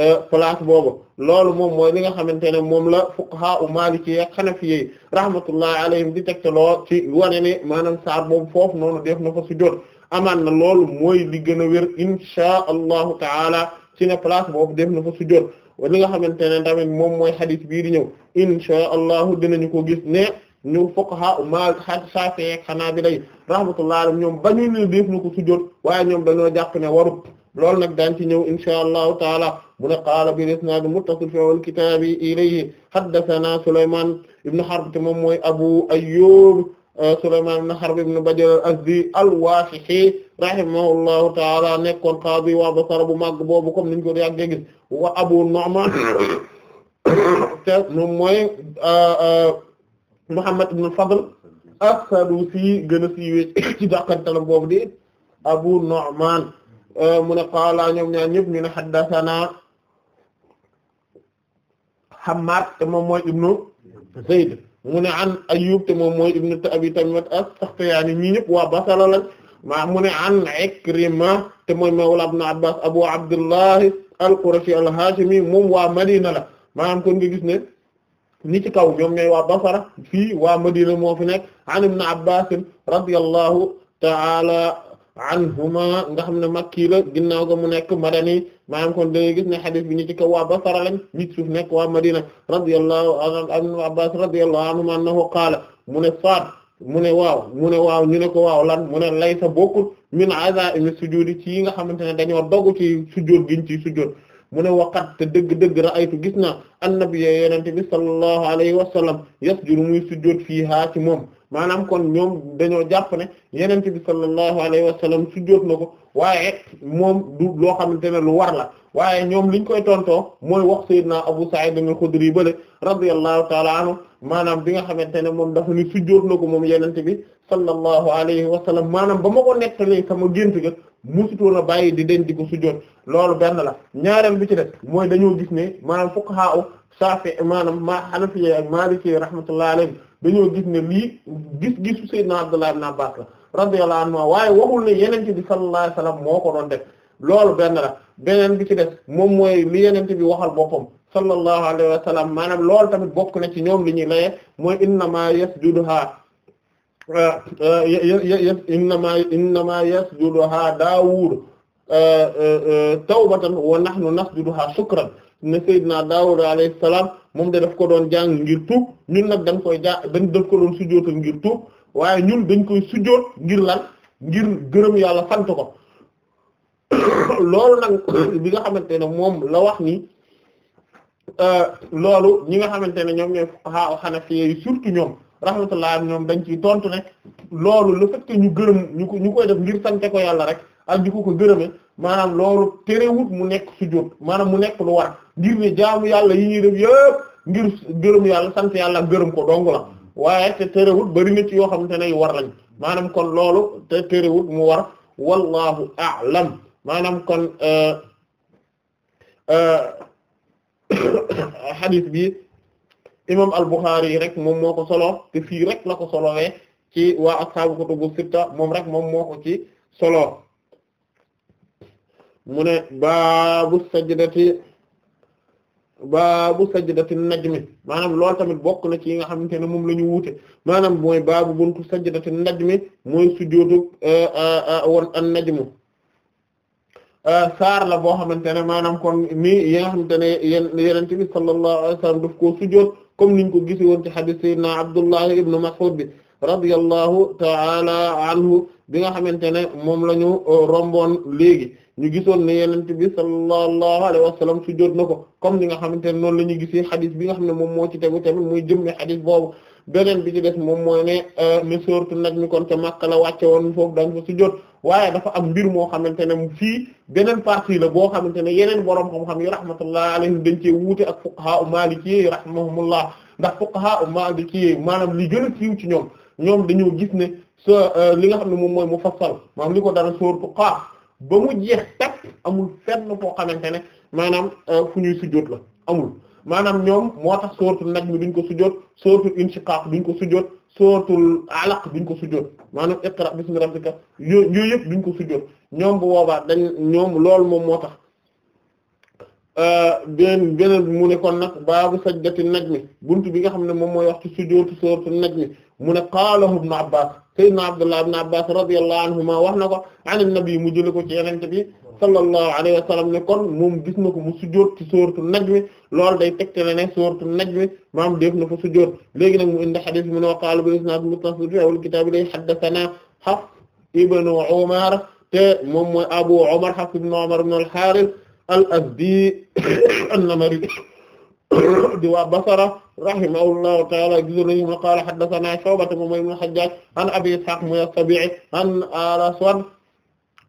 euh, place boobu loolu moom mooy li nga xamante ne moom la fuqaha u maliki ak xanafi rahmatullahi alayhim di tegtaloo ci wane ne maanaam saar boobu foofu noonu def na ko sujjóot amaan na loolu mooy li gën a wér insha allahu taala ci ne place boobu def na ko sujjóot li nga xamante ne tamit moom mooy xadis bii di ñëw inshaa allahu dinañu ko gis ne ñu fuqaha ma Shafi'i Hanabila rahmatullahi alayhim ñoom bañu ne def na ko sujjóot waaye ñoom dañoo jàpp ne warut loolu nag daan ci ñëw inshaa allahu taala mu ne qaala bil isnaad muttasil fi awwal kitaabi ilayhi haddathana Sulaymaan ibn Harb te moom mooy Abu Ayyub Euh, Sulaymaan ibn Harb ibn Bajal al-Azdi al-Washihi rahimahullahu nekkoon qaadi wa Basra bu màgg boobu comme niñ ko yàggee gis wa Abu Nu'man te mooy euh, euh, Muhammad ibn fadl as-Sadusi gën a siiwee ci dàqantalam boobu di Abu Nu'man mu ne qaala ñoom ñaar ñëpp ñu ne haddathana te mooy ibnu Zayd mu ne an Ayyub te moom mooy ibnu Abi Tamimat as-Saxtiyaani ñii ñëpp waa Basra lañ maa mu ne an Ikrima te mooy mawla Ibn Abbas Abu Abdullahi al-Qurashi al-Haashimi moom waa Madina la maanaam kon nga gis ne ñi ci kaw ñoom ñooy waa Basra fii waa Madina moo fi nekk an Ibn Abbas radiyallahu ta'ala anhuma nga xam ne makki la ginnaaw ga mu nekk madani maanaam ko dañuy gis ne xadis bi ñi ci kaw waa Basra lañ ñi suuf nekk waa Madina radiyallahu anhu ibn Abbas radiyallahu anhu annahu qaala mu ne Saad mu ne waaw mu ne waaw ñu ne ko waaw lan mu ne laysa bokkul min azaa'imi sujuudi ci yi nga xamante ne dañoo dogu ci sujood giñ ci sujood mu ne waqat te dëgg-dëgg ra'aytu gis na annabiyya yonent bi sallallahu alayhi wa sallam yasjudu muy sujood fiihaa ci moom maanaam kon ñoom dañoo jàpp ne yenente bi sallallahu alayhi wa sallam sujjóot na ko waaye moom du loo xam ne lu war la waaye ñoom liñ koy tontoo mooy wax sayyidina Abu Sa'id al-Khudri bale radiyallahu ta'ala anhu maanaam bi nga xamante ne moom dafa ni sujjóot na ko moom yenente bi sallallahu alayhi wa sallam maanaam ba ma ko nettali sama gént ga musutoon a bàyyi di den di ko sujjóot loolu benn la ñaareel bi ci def mooy dañoo gis ne maanaam fuqaha u Shafi'i maanaam ma Hanafi ak Maliki rahmatullahi alayhim dañoo gis ne lii gis-gisu Seydina Abdullah ibn Abbas la radiyallahu waaye waxul ne yeneen ci bi sallallahu salaam moo ko doon def lool benn la beneen bi ci def moom mooy li yeneen bi waxal boppam sallallahu alayhi wa sallam maanaam lool tamit bokk na ci ñoom li ñuy laye mooy innama yasjuduha innama innama yasjuduha Daawud eh, eh, eh, tawbatan wa nahnu nasjuduha shukran ne Seydina Daawud alayhi salaam moom de daf ko doon jàng ngir tuub ñun nag dañ koy jaa dañ daf ko doon sujootal ngir tuub waaye ñun dañ koy sujoot ngir lan ngir gërëm yàlla sant ko loolu nag bi nga xamante ne moom la wax ni euh, loolu ñi nga xamante ne ñoom ñooy fuqaha hanafi yi surtout ñoom rahmatullah ñoom dañ ciy tontu ne loolu la fait ñu gërëm ñu ko ñu koy def ngir sante ko yàlla rek ak di ko ko gërëme maanaam loolu terewut mu nekk sujjóot maanaam mu nekk lu war ngir ne jaamu yàlla yi ñuy def yëpp ngir gërëm yàlla sant yàlla ak gërëm ko dong la waaye te terewut bari na ci yoo xamante ne war lañ maanaam kon loolu te terewut mu war wallahu a'lam maanaam kon euh, euh, hadith bi imam al-Bukhari rek moom moo ko solo te fii rek la ko solowee ci waa ashaabu kutubu sitta moom rek moom moo ko ci solo mu ne baabu sajdati baabu sajdati najmi maanaam loolu tamit bokk na ci yi nga xamante ne moom la ñu wuute maanaam mooy baabu buntu sajdati najmi mooy sujjóotu euh, euh, euh, won an najmu saar la boo xamante ne maanaam kon nii yi nga xamante ne yeen yenente bi sallallahu alayhi wasallam daf ko sujjóot comme niñ ko gisi woon ci hadith sayyidina Abdullah ibn bi radiyallahu ta'ala anhu bi nga xamante ne moom la ñu uh, romboon léegi ñu gisoon ne yenent bi sallallahu alayhi wa sallam sujjóot na ko comme ni nga xamante ne noonu la ñuy gisee xadis bi nga xam ne moom moo ci tegu tamit muy jëmmi xadis boobu beneen bi ci des moom mooy ne uh, ne sooratu nag mi kon ca Makka la wàcce woon foofu dañ fa sujjóot waaye dafa am mbir moo xamante ne fii beneen partie la boo xamante ne yeneen boroom xam-xam yi rahmatullah alayhim dañ ci wuute ak fuqaha u maliki yi rahimahumullah ndax fuqaha u maliki maanaam li ci ñoom ñoom dañoo gis ne sa euh, li nga xam ne moom mooy mu mufassal maanaam li ko dara sooratu Qaaf ba mu jeex tàkk amul fenn foo xamante ne maanaam euh, fu ñuy sujjóot la amul maanaam ñoom moo tax sooratu Najm duñ ko sujjóot sooratu Inshiqaaq duñ ko sujjóot sooratul alaq duñ ko sujjóot maanaam iqra bismi rabbika yooyu yooyu yëpp duñ ko sujjóot ñoom bu boobaa dañ ñoom loolu moom moo tax euh, benn beneen bi mu ne kon nag baabu sajdati najmi buntu bi nga xam ne moom mooy wax ci sujjóotu nag najmi mu ne qaalahu ibn abbas sayyidna abdullah ibn abbas radiyallahu anhuma wax na ko an nabi mu jële ko ci yenente bi sallallahu alayhi wa sallam ne kon moom gis na ko mu sujjóot ci sóortu najmi loolu day tegtale ne sóortu najmi maam def na fa sujjóot léegi nag mu indi xadis mu ne wa qaala bil isnaad muttasil fi awwal kitaab lay haddathana Hafs ibn Umar te moom mooy Abu Umar Hafs ibn Umar ibn al-Harith al-Azdi an-Namari di waa Basra rahimahullahu ta'ala gisoon nañu mu qaala haddathana Shu'ba moom mooy ibn Hajjaj an Abi Ishaq mooy a sabii an al-Aswad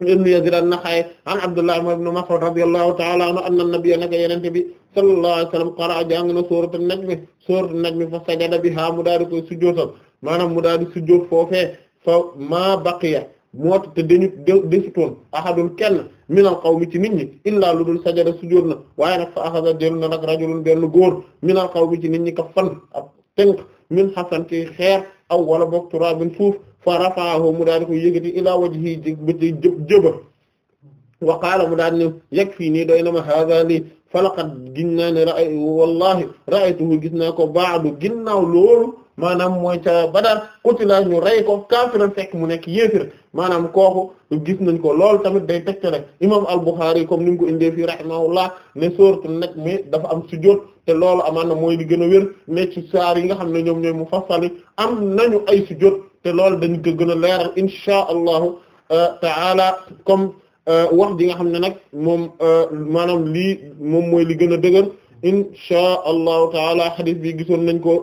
ibn Yazid an-Nakha'i an Abdullah ibn Mas'ud radiyallahu ta'ala anhu anna an-nabiyya naka yenente bi sallallahu alayhi wa sallam najmi suuratu najmi fa sajada biha mu daal koy sujjóotal maanaam mu daal di sujjóot foofee fa ma baqiya moo te dañu desutoon ahadun minal qawmi ci nit ñi illaa lu dul sajada sujjóot na waaye nag fa axasa dellu na nag rajulun benn góor minal qawmi ci nit ñi ka fan ak tënk min xasan ci xeer aw wala boog turaabin suuf fa rafa'ahu mu daal di ko yëgati ilaa wajhi bëti jë jëba wa qaala mu daal ne yakfiinii doy na ma haada lii falaqad gin naa ne ra wallahi ra'aytuhu gis naa ko baadu ginnaaw loolu maanaam mooy ca Badar qutila ñu rey ko kaafiran fekk mu nekk yéefir maanaam kooku gis nañ ko lool tamit day tekk tegtale imam al-Bukhari comme ni mu ko indee fii rahimahullah ne sooratu nag mi dafa am sujjóot te loolu amaan na mooy li gën a wér ne ci saar yi nga xam ne ñoom ñooy mu fassali am nañu ay sujjóot te loolu dañ ko gën a leeral inshaa allahu euh, taala comme euh, wax ji nga xam ne nag moom euh, maanaam lii moom mooy li gën a dëgër inshaa allahu taala hadith bi gisoon nañ ko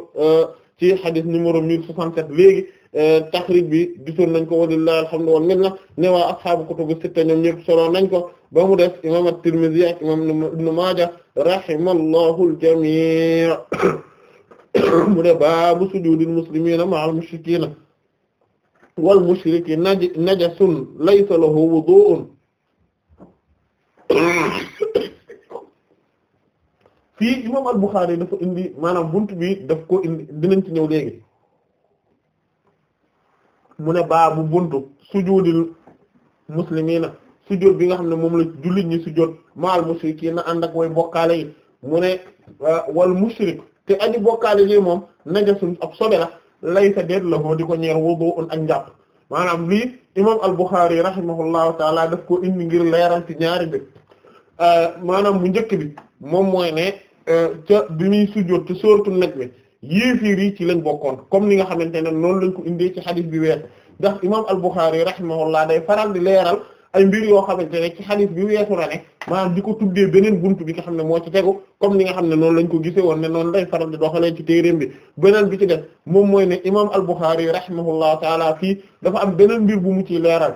ci xadis numéro 1067 léegi euh, taxrij bi gisoon nañ ko walillahi alhamdu wal minna ne waa ashaabu kutubu sitta ñoom ñëpp solo nañ ko ba mu def imam at-Tirmidhi ak imam Ibn Maaja rahimallahu al-jamii' mu ne baabu sujuudil muslimiina ma'al mushrikiina wal mushriki najasun laysa lahu wudu'un fii imam al-Bukhari dafa indi maanaam bunt bi daf ko indi dinañ ci ñëw léegi mu ne baa bu buntu sujuudil muslimiina sujuud bi nga xam ne moom la jullit ñi sujuud maal mushrikiina ànd ak way bokkaale yi mu ne euh, wal mushrik te aji bokkaale yi moom na ab sobe la lay sa déet la ko di ko ñeer wóoboo un ak njàpp maanaam lii imam al-Bukhari rahimahullahu taala daf ko indi ngir leeral ci ñaari bi euh, maanaam mu njëkk bi moom mooy ne ca bi muy sujjóot te sóoratu naj bi yéefiir yi ci lañ bokkoon comme ni nga xamante ne noonu lañ ko indee ci xadis bi weesu ndax imam al di leeral mbir yoo xamante ne ci xadis bi weesu la ne maanaam di ko beneen buntu bi nga xam ne moo ci tegu comme ni nga xam ne noonu lañ ko gisee woon ne noonu lay faral di doxalee ci téeréem bi beneen bi ci def moom mooy ne imam al-Bukhari rahimahullah taala fii dafa am beneen mbir bu mu leeral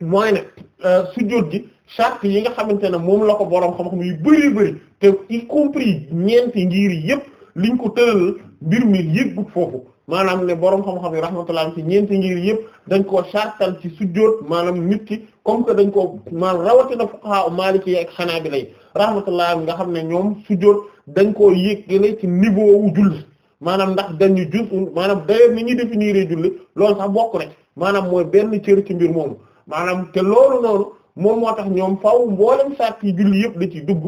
mooy ne euh, sujjóot gi charte yi nga xamante ne moom la ko boroom xam-xam yu bari bari te y compris ñeenti ngir yépp liñ ko tëral mbir mi yëggut foofu maanaam ne boroom xam-xam yi rahmatullah ci ñeenti ngir yépp dañ koo sartal ci sujjóot maanaam nit ki comme que dañ koo maanaam rawatina fuqaha maliki yi ak xanaabila yi rahmatullah nga xam ne ñoom sujjóot dañ koo yëggale ci niveau wu julli maanaam ndax dañu jus maanaam d'ailleurs ni ñuy définir julli loolu sax bokk na maanaam mooy benn cër ci mbir moomu maanaam te loolu noonu moom moo tax ñoom faaw mboolem sàrt yi julli yëpp da ciy dugg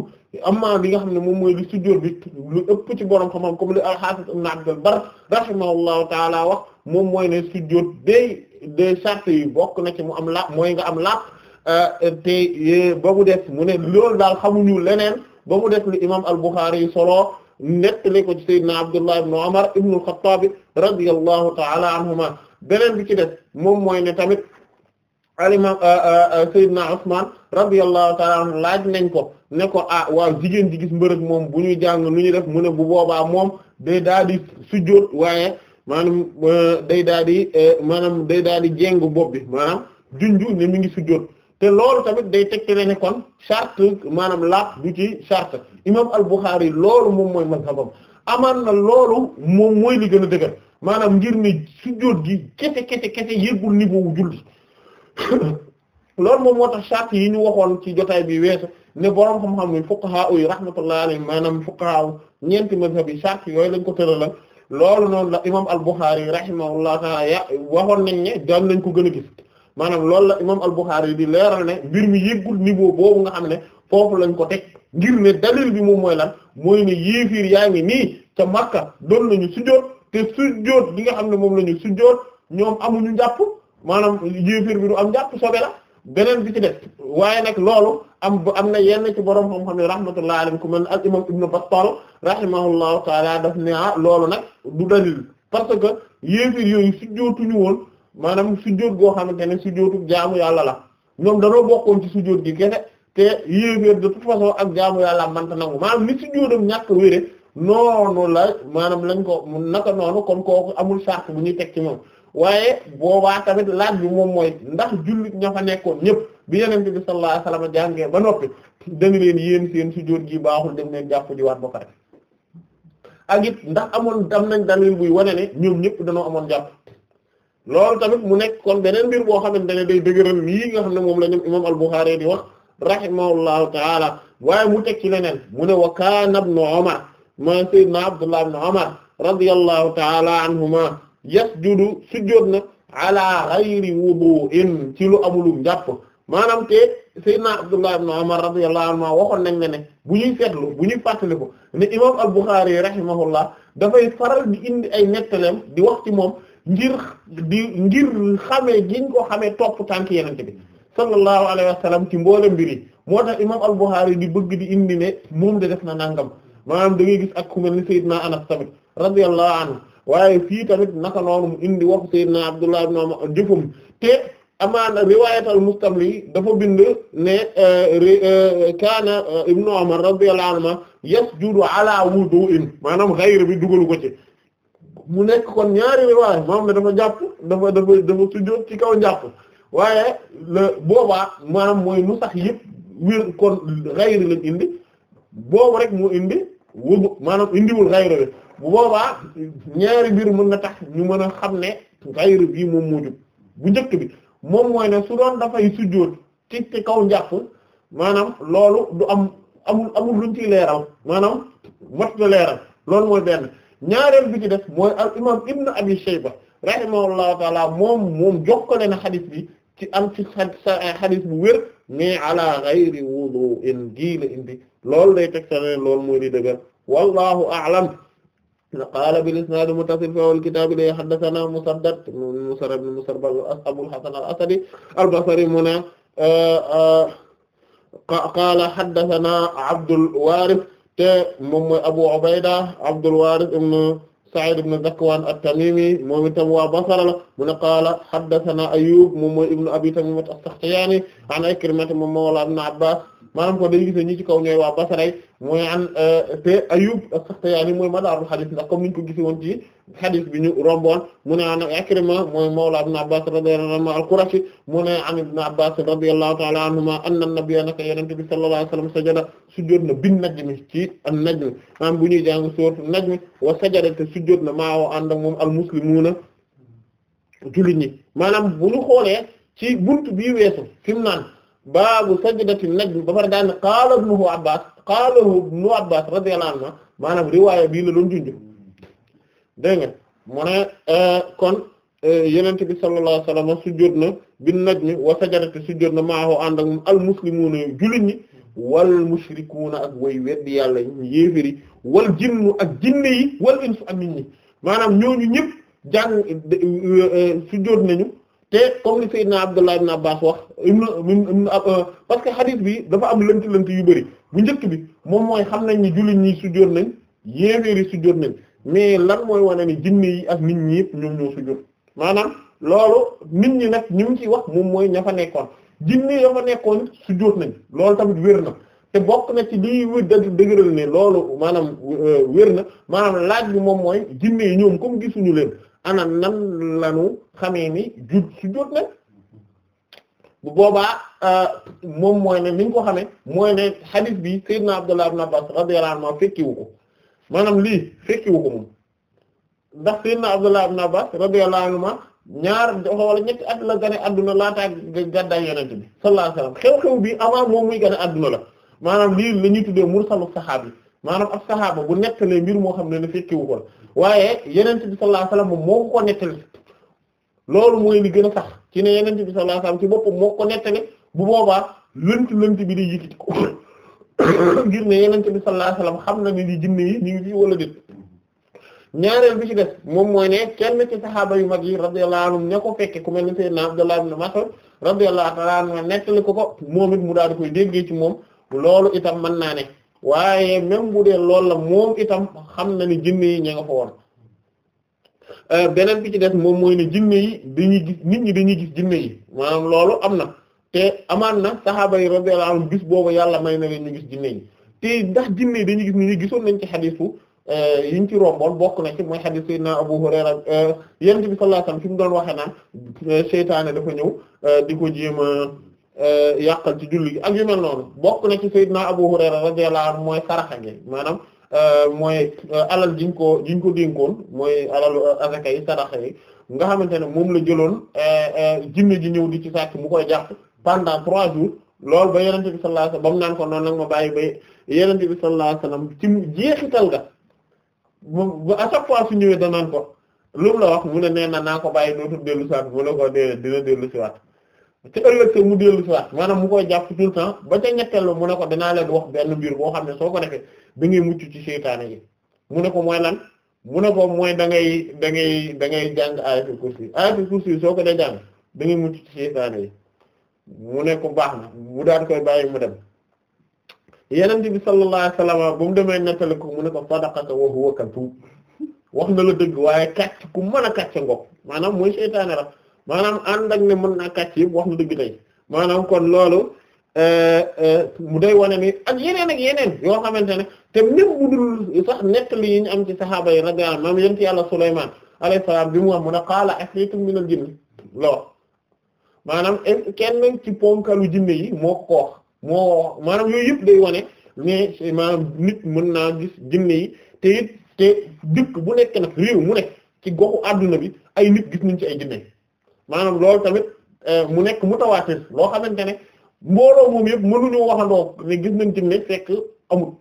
amma li nga xam ne moom mooy li sujjóot bi lu ëpp ci borom xam-xam comme li al-Hafiz Ibn Abd al-Barr rahimahullahu taala wax moom mooy ne sujjóot day day sàrt yi bokk na ci mu am lapp mooy nga am lapp euh, te ba mu def mu ne loolu daal xamuñu leneen ba mu def li imam al-Bukhari yi solo nettali ko ci Seydina Abdullah ibn Umar ibn al-Khattab taala anhuma beneen bi ci def moom mooy ne tamit alima euh, euh, euh, Seydina Usman radiyallahu ta'ala anhu laaj nañ ko ne ko ah waaw jigéen ji gis mbërëg moom bu ñuy jàng nu ñuy def mu ne bu boobaa moom day daal di sujjóot waaye maanaam day daal di maanaam day daal di jéng bopp bi maanaam junju ne mi ngi sujjóot te loolu tamit day tegtale ne kon chart maanaam laat du ci charte imam al-Bukhari loolu moom mooy mazhabam amaan na loolu moom mooy li gën a dëgër maanaam ngir ne sujjóot gi kese kese kese yëgul niveau wu julli loolu moom moo tax charte yi ñu waxoon ci jotaay bi weesu ne borom xam-xam ni fuqaha uy rahmatullahi alayhim maanaam fuqaha ñeenti mazhab yi charte yooyu lañ ko tëralal loolu noonu la imam al-Bukhari rahimahullahu ta'ala ya waxoon nañ ne daan nañ ko gën a gis maanaam lool la imam al-Bukhari di leeral ne mbir mi yëggul niveau boobu nga xam ne foofu lañ ko teg ngir ne dalil bi moom mooy lan mooy ne yéefiir yaa ngi nii ca Makka doon nañu sujjóot te sujjóot li nga xam ne moom lañu ñu sujjóot ñoom amuñu njàpp maanaam yéeféer bi du am njàpp sobe la beneen bi ci def waaye nag loolu am am na yenn ci borom xam-xam yi rahmatullahi alayhi ku mel al imam ibnu Battal rahimahullahu taala daf ne ah loolu nag du dalil parce que yéeféer yooyu sujjóotuñu woon maanaam sujjóot goo xamante ne sujjóotu jaamu yàlla la ñoom danoo bokkoon ci sujjóot gi kese te yéeféer de ak jaamu yàlla manta nangu maanaam li sujjóotam ñàkk wéré noonu la maanaam lañ ko naka noonu kon kooku amul sart bu ñuy teg ci moom waaye boobaa tamit laaj bi moom mooy ndax jullit ña fa nekkoon ñépp bi yenente bi sallallahu alayhi wasallam jàngee ba noppi dañu leen yéen seen sujjóot gi baaxul dem leen jàpp jiwaat ba pare ak ndax amoon dam nañ dalil buy wane ne ñoom ñëpp dañoo amoon jàpp loolu tamit mu nekk kon beneen mbir boo xamante ne day dëgëral lii nga xam ne moom la ñoom imam al-Bukhari di wax rahimahullahu taala waaye mu tekki leneen mu ne wa kaana ibn Umar ma sayyidna Abdullah ibn Umar radiyallahu taala yasjudu sujjóot na ala ghayri wudu'in ci lu amulum jàpp maanaam te sayyidina Abdullah ibn Umar radiyallahu waxoon nañ ne ne bu ñuy seetlu bu ñuy fàttaliku ne imam al-Bukhari rahimahullah dafay faral di indi ay nettaleem di wax ci moom ngir di ngir xamee giñ ko xamee topp tànk yenente bi sallallahu alayhi wa sallam ci mboolem mbiri moo tax imam al-Bukhari di bëgg di indi ne moom de def na nangam maanaam da ak ku mel ni sayyidina Anas tamit waaye fii tamit naka noonu mu indi waxu sayyidina Abdullah ibn Umar jëfum te amaana riwaayatal Mustamli dafa bind ne eh, eh, kaana eh, ibnu Umar radiyallahu anhuma yasjudu ala wudu'in maanaam xayr bi dugalu ko ci mu nekk kon ñaari riwaaya moom ne dafa jàpp dafa dafa dafa sujjóot ci kaw njàpp waaye le boobaa maanaam mooy nu sax yëpp wér kon xayr lañ indi boobu rek mu indi wóbu maanaam indiwul xayra bi bu boobaa ñaari mbir mën na tax ñu mën a xam ne xayra bii moom moo bu njëkk bi moom mooy ne su doon dafay sujjóot ci ci kaw njàpp maanaam loolu du am amul amul luñ ciy leeral maanaam mot na leeral loolu mooy benn ñaareel bi ci def mooy al imam ibn abi shayba rahimahullahu taala moom moom jokkale na xadis bi ci am ci bu wér mais ala ghayri wudu'in gii la indi loolu day tegtale loolu mooy di dëggal wallahu a'lam qaala bil isnaad muttasil fi awwal kitaab li haddathana musaddad musarhad ibn musarbal abul hasan al asadi al basri mu ne uh, uh, qaala haddathana abdul waaris te moom mooy abu ubayda abdul waaris ibn Sa'id ibn Zakwan at-Tamimi moom itam waa Basra la mu ne qaala haddathana Ayyub moom mooy ibnu Abi Tamima as-Sakhtiyani an Ikrimata moom mawla Ibn Abbas maa kon day gis ne ñi ci kaw ñooy waa Basray mooy an euh, te Ayyub as-Saxtiyaani mooy madaarul xadis ndax comme niñ ko gisi woon ci xadis bi ñu romboon mu ne an Ikrima mooy mawla Ibn Abbas radiyallahu anhuma al-Qurashi mu ne an Ibn Abbas radiyallahu ta'ala anhuma anna an-nabiyya naka yonent bi sallallahu alayhi wasallam sajada sujjóot na bin najmi ci an-najm maanaam bu ñuy jàng sourate an-najm wa sajada te sujjóot na maa woo ànd moom al-muslimuuna jullit ñi maanaam bu ñu xoolee ci buntu bii weesu fi mu naan baabu sajdati najm ba pare daan qaala ibnu Abbaas qaala ibnu Abbaas radiyallahu anhu maanaam riwaaya bii la doon junj dégg nga mu ne eh, kon eh, yonent bi sallallahu alayhi wa sallam sujjóot na bin najmi wa sajdati sujjóot na maahu ànd ak al muslimuuna jullit ñi wal mushrikuuna ak way weddi yàlla ñu yéefiri wal jinnu ak jinne yi wal insu ak nit ñi maanaam ñooñu ñëpp jàng eh, sujjóot nañu. te comme li naa Abdullah ibn Abbas wax ibn euh, parce que hadith bi dafa am lënt lënt yu bëri bu njëkk bi moom mooy xam nañ ni jullit ñi sujjóot nañ yéeféeri sujjóot nañ mais lan mooy wane ni jinne yi ak nit ñi yëpp ñoom ñoo sujjóot maanaam loolu nit ñi nag ñu ngi ciy wax moom mooy ña fa nekkoon jinne ya fa nekkoon sujjóot nañ loolu tamit wér na te bokk na ci lii wér dëgëral ne loolu maanaam euh, wér na maanaam laaj bi moom mooy jinne yi ñoom comme gisuñu leen ana nan lanu xamee ni ju sujjóot na bu boobaa euh, moom mooy ne ni ñu ko xamee mooy ne hadith bi sayyidna Abdullah ibn Abbas radiyallahu anhu fekkiwu ko maanaam lii fekkiwu ko moom ndax sayyidna Abdullah ibn Abbas radiyallahu anhu ñaar wala ñetti at la gane adduna laataa gàddaay yonent bi sallallahu alayhi xew-xew bi avant moom muy gane adduna la maanaam lii la ñuy tuddee mursalu saxaabi maanaam ab saxaaba bu nettalee mbir moo xam ne ne fekkiwu ko waaye yenent bi sallallahu alayhi wasallam moom ko nettali loolu mooy li gën a sax bi sallallahu alayhi ci boppam moo bu boobaa lënt lënt bi di yëkkati ko ngir ne yenent bi sallallahu alayhi xam na ne li jinne yi ñu ngi fi wala déet ñaareel bi ci des moom mooy ne kenn ci saxaaba yu mag yi radiyallahu anhum ña ko fekke ku mel ne sayyidna Abdullah ibn Mas'ud radiyallahu ta'ala anhu nettali ko ko moom mu daal di ci moom loolu itam mën naa ne waaye même bu dee loolu la moom itam xam na ni jinne yi ña nga fa woon euh, beneen bi ci des moom mooy ne jinne yi dañuy gis nit ñi dañuy gis jinne yi maanaam loolu am na te amaan na saxaaba yi radiyallahu anhum gis boobu yàlla may na leen ñu gis jinne yi te ndax jinne yi dañuy gis nit ñi gisoon nañ ci xadiisu euh, yiñ ci romboon bokk na ci mooy xadiis Seydina Abu Hurayra euh, yonent bi sallallahu alayhi wasallam fi mu doon waxe naan seytaane dafa ñëw di ko jéema Euh, yàqal ci julli gi ak yu mel noonu bokk na ci naa Abu Hurayra radiyallahu anhu mooy saraxa gi maanaam euh, mooy euh, alal jiñ ko jiñ ko dénkoon mooy alalu azaka yi saraxa yi nga xamante ne moom la jëloon jinne ji ñëw di ci sàcc mu koy jàpp pendant trois jours lool ba yenente bi sallallahu alayhi wasallam naan ko noonu nag ma bàyyi ba yenente bi sallallahu alayhi wasallam ci jeexital ga ba à chaque fois su ñëwee danaan ko lu la wax mu ne nee na naa ko bàyyi dootul dellu siwaat mu ne ko dee dina siwaat ci ëllëg sa mu dellu si maanaam mu koy jàpp tout le temps ba ca ñetteel mu ne ko danaa leen wax benn mbir boo xam ne soo ko defee da ngay mucc ci seytaane yi mu ne ko mooy lan mu ne ko mooy da ngay da ngay da ngay jàng ayatul kursi ayatul kursi soo ko dee jàng da ngay mucc ci seytaane yi mu ne ko baax na mu daan koy bàyyi mu dem yeneen bi sallallahu alayhi wasallam ba mu demee nettali ko mu ne ko sadaqaka wa huwa kadhub wax na la dëgg waaye kàcc ku mën a kàcc ngoog maanaam mooy seytaane la. maanaam ànd ak ne mën naa kàcc yëpp wax na dëgg tey maanaam kon loolu euh, euh, mu day wane ni ak yeneen ak yeneen yoo xamante ne te nekk bu dul sax nettali yi ñu am ci saxaaba yi radiyallahu anhum maanaam ci yàlla Sulaymaan alayhi salaam bi mu wax mu ne qaala ifriitun minal jinni la wax maanaam kenn ci ponkalu jinne yi moo ko moo maanaam yooyu yëpp day wane ne maanaam nit mën naa gis jinne yi te it te dëkk bu nekk nag réew mu nekk ci goxu àdduna bi ay nit gis nañ ci ay jinne maanaam lool tamit euh, mu nekk mu mutawaatir loo xamante ne mbooloo moom yëpp mënuñoo waxandoo ne gis nañ jinne fekk amut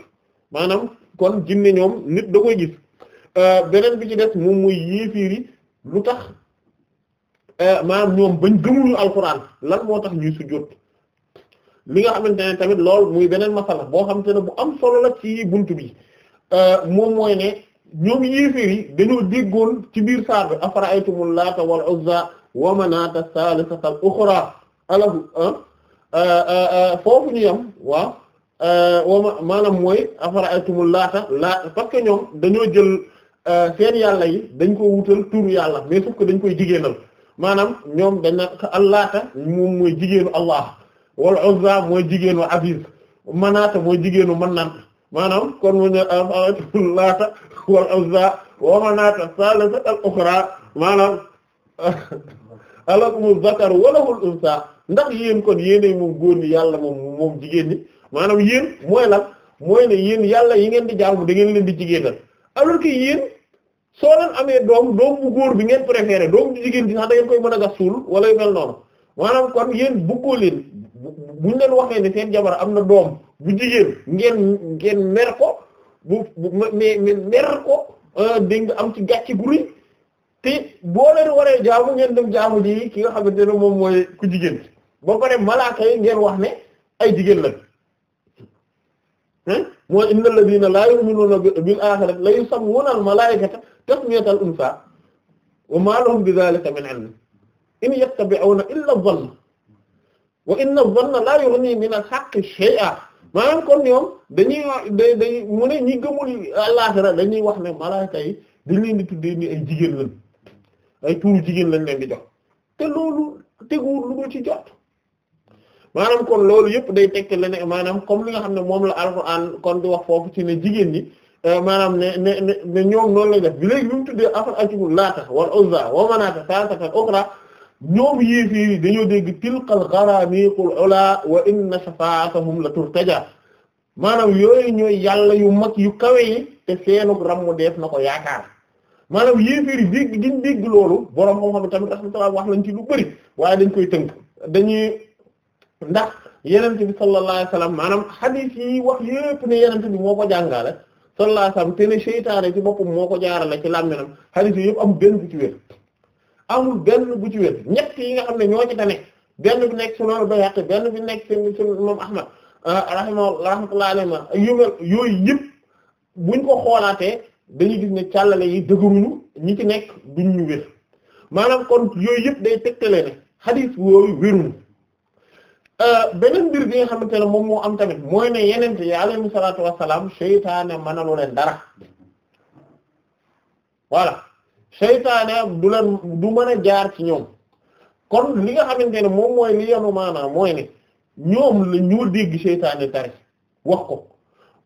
maanaam kon jinne ñoom nit da koy gis euh, beneen bi ci des moom mooy yéefiir yi lu tax euh, maanaam ñoom bañ gëmuñu alxuraan lan moo tax ñuy sujjóot li nga xamante ne tamit lool muy beneen masala boo xamante ne bu am solo la ci bunt bi moom mooy ne ñoom yéefiir yi dañoo déggoon ci biir saar bi afara'aytumul laata wal uzza wa manaata saalisatal uxraa alahu ah, ah, ah, foofu ñu yam waaw wama maanaam mooy afara'aytumul laata laata parce que ñoom dañoo jël seen yàlla yi dañ ko wutal turu yàlla mais sauf dañ koy jigéenal maanaam ñoom dañ na allaata moom mooy jigéenu allah wal uzza mooy jigéenu aziz manaata mooy jigéenu mannaan maanaam kon mu ne afara'aytumul laata wal uzza wa manaata saalisatal uxraa alakumul zakar walahul unsa ndax yéen kon yéenay moom góor ñi yàlla moom moom jigéen ñi maanaam yéen mooy lan mooy na yéen yàlla yi ngeen di jaamu da ngeen leen di jigéenal alors ki yéen soo leen amee doom doom bu góor bi ngeen préféré doom bu jigéen bi sax da koy mën a gas suul wala yu mel noonu maanaam kon yéen bëggoo leen buñ leen waxee ne seen jabar am na doom bu jigéen ngeen ngeen mer ko bu mais mer ko euh, dégg am ci gàcce gu te boo leen waree jaamu ngeen dem jaamu ji ki nga xamante moom mooy ku jigéen ba pare malaaka yi ngeen wax ne ay jigéen lañ mooy hmm? innal ladina la yu'minuna bil akhirati la yusammuna al malaikata tasmiyatal unsa wa ma lahum bi dhalika min ilm in yattabi'una illa dhanna wa inna dhanna la yughni min al haqqi shay'a maanaam kon ñoom dañuy day day mu ne ñi gëmul àllaxira dañuy wax ne malaaka yi di tuddee ni ay jigéen lañ ay tuuru jigéen lañ leen di jox te loolu teguwul lu ci jot maanaam kon loolu yëpp day tekk lene maanaam comme li nga xam ne moom la alxuraan kon di wax foofu ci ne jigéen ñi euh, maanaam ne ne ne ñoom noonu lay def bi léegi bi mu tuddee afal laata wal uzza wa manaata saasatan uxra ñoom yéefiiri dañoo dégg tilqal garaniqul ula wa inna shafaatahum la turtaja maanaam yooyu ñooy yàlla yu mag yu kawe yi te seenu ramm deef na ko yaakaar maanaam yéeféer yi dégg giñ dégg loolu borom moo xam tamit rahmatullah wax nañ ci lu bëri waaye dañ koy tënk dañuy ndax yenente bi sallallahu alayhi wasallam maanaam hadith yi wax yépp ne yenente bi moo ko jàngale sallallahu alayhi wasallam te ne seytaane ci boppam moo ko jaarale ci làmminam hadith yi yépp amul bu ci amul benn bu ci wér yi nga xam ne ñoo ci tane benn bi nekk sunan Bayhaqi benn bi nekk sunan Imam Ahmad ah, rahimahullah rahmatullah alayhi yumel yooyu yëpp buñ ko xoolaatee dañuy gis ne càllale yi dëgëruñu ñi ci nekk duñ ñu wér maanaam kon yooyu yëpp day tegtale ne xadis yooyu wéruñu euh, beneen mbir bi nga xamante ne moom moo am tamit mooy ne yenente yi alayhi salaatu wassalaam seytaane mënalu dara voilà seytaane du mën a jaar ci ñoom kon li nga xamante ne moom mooy li yanu maanaam mooy ne ñoom la dégg seytaane tari wax ko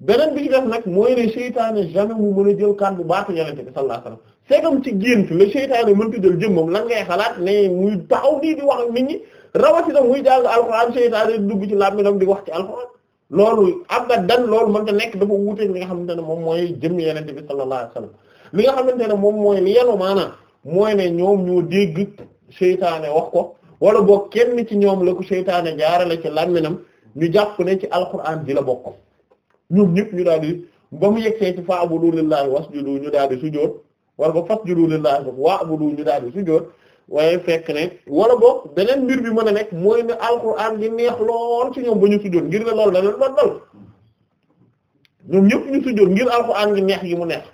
beneen bi ci def nag mooy ne seytaane jamais mu mën a jël kàddu baatu yonent bi sallallahu alayhi wasallam c'est comme ci gént la seytaane mënta jël jëmmam lan ngay xalaat ne muy taxaw nii di wax nit ñi rawatina muy jàng alxuraan seytaane dugg ci làmmiñam di wax ci alxuraan loolu abadan loolu mënta nekk dafa wuuteeg li nga xamante ne moom mooy jëmm yonent bi sallallahu alayhi wasallam li nga xamante ne moom mooy li yenu maanaam mooy ne ñoom ñoo dégg seytaane wax ko wala boog kenn ci ñoom la ko seytaane jaarale ci làmmiñam ñu jàpp ne ci alxuraan di la bokk ñoom ñëpp ñu daal di ba mu yegsee ci fa'budu lillahi wasjudu ñu daal di sujjóot wala ba fasjudu lillahi wa'budu ñu daal di sujjóot waaye fekk ne wala boog beneen mbir bi mën a nekk mooy ne alxuraan di neex lool ci ñoom ba ñu sujjóot ngir ne lool da leen doon dal ñoom ñëpp ñu sujjóot ngir alxuraan di neex yi mu neex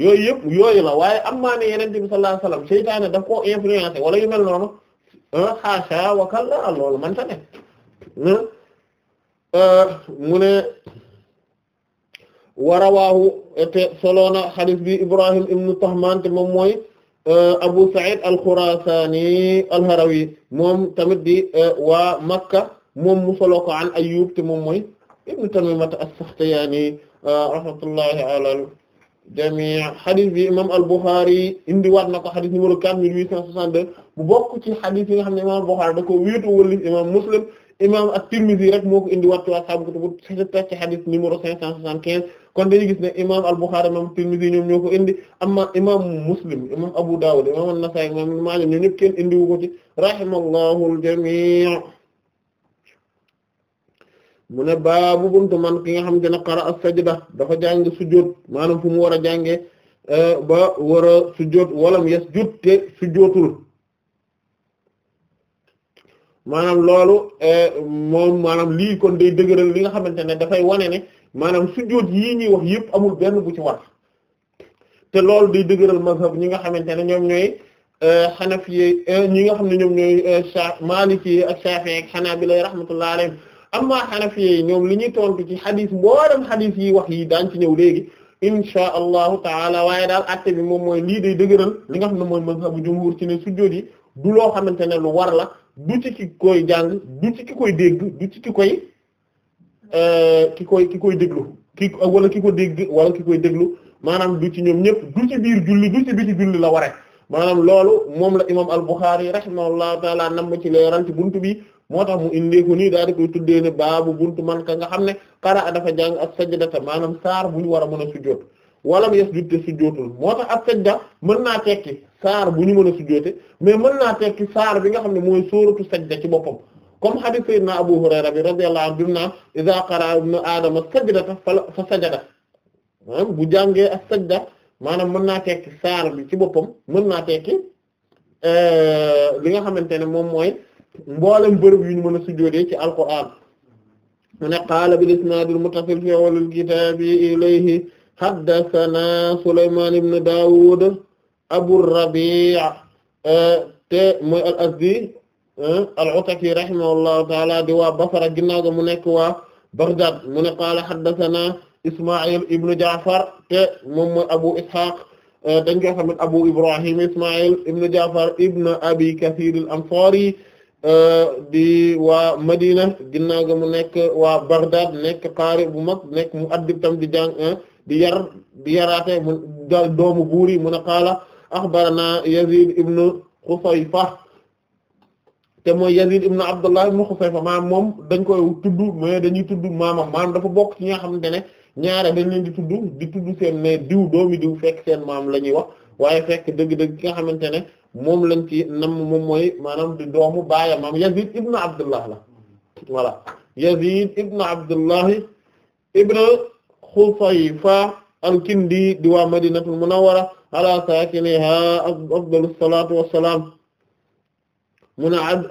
yooyu yëpp yooyu la waaye am maa ne yeneen bi sallallahu alayhi wasallam seytaane daf koo influencé wala yu mel noonu xaasa ah, wakal la loolu man wa rawaahu te soloona xadis bi Ibrahim ibnu Tahman te moom mooy euh, Abu Sa'id al-Khurasani al-Harawi moom tamit di euh, waa Makka moom mu solo ko an Ayyub te moom mooy ibnu Tamimata as-Sakhtiyani euh, rahmatullahi ala al-jami' xadis bi imam al-Bukhari indi waat na ko xadis numéro 4862 bu bokk ci xadis yi nga xam ne imam al-Bukhari da ko wéetu wëlif imam Muslim imam at-Tirmidhi rek moo ko indi waat ci ashaabu kutubu sitta ci al-Bukhari imam at-Tirmidhi ñoom ñoo ko indi amma imam Muslim imam Abu Dawud imam an-Nasa'i imam Ibn Maaja kenn indiwu ko ci rahimallahu mu ne baabu buntu man ki nga xam ne qara as-sajda dafa jàng sujjóot maanaam fu mu war a jànge eh, ba war a sujjóot walam yasjud te sujjóotul maanaam loolu eh, moom maanaam lii kon day dëgëral li nga xamante ne dafay wane ne maanaam sujjóot yii ñuy wax yëpp amul benn bu ci war te loolu day dëgëral mazhab ñi nga xamante ne ñoom ñooy xanaf eh, yi eh, ñi nga xam ne ñoom ñooy sa maliki ak Shafi'i ak Hanabila rahmatullahi alayhim amma xanafi yi ñoom li ñuy tontu ci xadis mboolem xadis yi wax yi daan ci ñëw léegi insha allahu taala waaye daal atte bi moom mooy lii day dëgëral li nga xam ne mooy mazhabu jumhur ci ne sujjóot yi du loo xamante ne lu war la du ci ki koy jàng du ci ki koy dégg du ci ki koy euh, ki koy ki koy déglu ki wala ki ko dégg wala ki koy déglu maanaam du ci ñoom ñëpp du ci biir julli du ci biti julli la ware maanaam loolu moom la imam al-Bukhari rahimahullahu taala nam ci leeral ci buntu bi moo tax mu indeeku nii daal di koy tuddee ne baabu bunt man ka nga xam ne qara'a dafa jàng as-sajdata maanaam saar bu ñu war a mën a sujjóot walam yasjud te sujjóotul moo tax as-sajda mën naa tekki saar bu ñu mën a sujjóote mais mën naa tekki saar bi nga xam ne mooy sóoratu sajda ci boppam comme hadith sayyidina Abu Hurayra bi radiyallahu anhu bi mu naan idha qara'a ibnu bu jàngee ak sajda maanaam mën naa tekki saar bi ci boppam mën naa tekki euh, li nga xamante ne moom mooy mboolem bërëb yu ñu mën a sujjóotee ci alquran mu ne qaala bil isnaadil muttasil fi awwalil kitaabi ilayhi haddathana Sulaymaan ibn Daawuud Abu Rabi' eh, te mooy al Azdi eh, al-Ataki taala di waa Basra ginnaaw ga mu nekk waa Baghdad mu ne qaala haddathana Isma'il ibn Ja'far te moom mooy Abu Ishaq eh, dañ koy xamit Abu Ibrahim Isma'il ibn Ja'far ibn Abi Kathir al di waa Madina ginnaaw ga mu nekk waa Baghdad nekk qaari bu mag nekk mu addib tam di yar di yaraate doomu buur yi mu ne qaala axbarana Yazid ibn Xusayfa te mooy Yazid ibn Abdullah ibn Xusayfa maanaam moom dañ koy tudd mais dañuy tudd maamam maanaam dafa bokk ci ñi nga xamante ne ñaare dañ leen di tudd di tudd seen ne diw doomi diw fekk seen maam la ñuy wax waaye fekk dëgg-dëgg ki nga xamante ne moom lañ ci nam moom mooy maanaam di doomu baaya maam Yazid ibn Abdullah la voilà Yazid ibn Abdullah ibn Xusayfa al-Kindi di waa a Munawwara ala saakiniha afdalu salaatu wassalaam mu ne an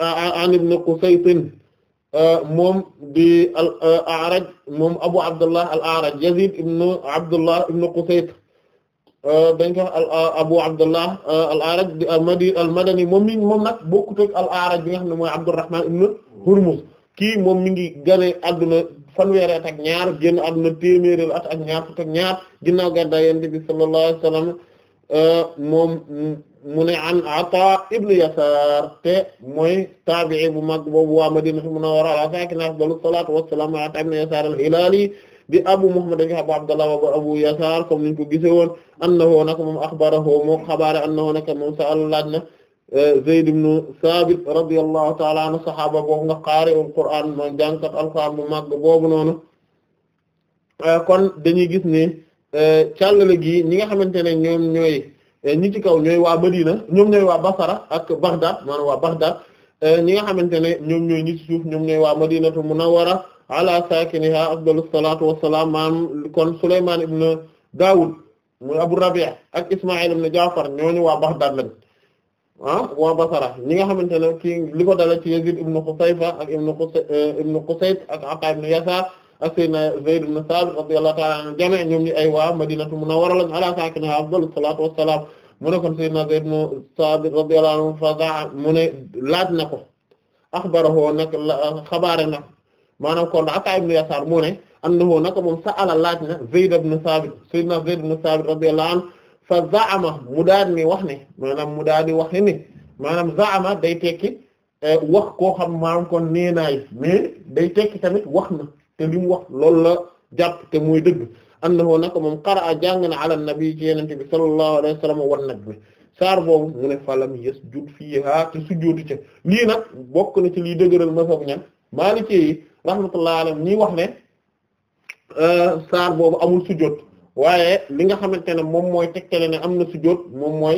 ibn euh, euh, moom Abu Abdullah al A'raj Yazid ibn Abdullah ibn Qusayt euh, dañ ko Abu Abdullah al A'raj di al Madi al Madani moom mi moom nag bokkut ak al A'raj bi nga xam ne mooy Abdurrahman Hurmuz kii moom mi ngi gane adduna fanweeri at ak ñaar génn adduna téeméeri at ak ñaar fukk ak ñaar ginnaaw gàddaay Yonent bi sallallahu alayhi wasallam Euh, moom mu ne an Ata ibn Yasar te mooy taabi'i bu mag boobu waa Madinatu Munawwara ala saakinihaa afdalu salaatu a Ata ibn Yasar al-Hilaali di Abu Muhammad dañu Abu Abdullah wa Abu Yasar comme niñ ko gisee woon annahu nak moom axbarahu moo xabaare annahu nak moom sa'ala laaj na euh, Zayd ibn Saabit radiyallahu ta'ala anhu saxaaba boobu nga qaari'ul Qur'aan mooy jàngkat Alxuraan bu mag boobu noonu euh, kon dañuy gis ne. Euh, càllale gi ñi nga xamante ne ñoom ñooy euh, ñi kaw ñooy waa Madina ñoom ñooy waa Basara ak Baghdad maanaam waa Baghdad euh, xamante ne ñoom ñooy ñi ci suuf ñoom ñooy waa Madinatu Munawwara ala sakiniha afdalus salatu wassalam kon Sulaymaan ibn Daawud muy Abu Rabi' ak Ismaïl ibn Jaafar ñooñu waa Baghdad lañ ah waa Basara ñi nga xamante ne kii li ko dala ci ibn Xusayfa ibn Xusayt ak Ata ibn Yasaar ak Seydina Zayd ibn Sabit radiyallahu ta'ala anhu ñoom ñu ay waa Madinatu Munawwara lañu ala saakinihaa afdalu salaatu wassalaam mu kon Seydina Zayd ibn Sabit radiyallahu anhu fadaa na ko axbarahu nag xabaare na maanaam kon Ataa ibn Yasaar mu ne annahu nag fa zaama mu daal wax ne maanaam mu daal di wax ni maanaam zaama day tekki eh, wax koo xam maanaam kon nee naay day tekki tamit wax na. te li mu wax loolu la jàpp te mooy dëgg annahu naka moom qara'a jàng na ala nabi ci yenente bi sallallahu alayhi wa sallam wan bi saar boobu mu ne falam yasjud fiha te sujjóotu ca lii nag bokk na ci liy dëgëral masab ñan Maliki yi rahmatullahi alayhim ñi wax ne euh, saar boobu amul sujjóot waaye li nga xamante ne moom mooy tegtale ne am na sujjóot moom mooy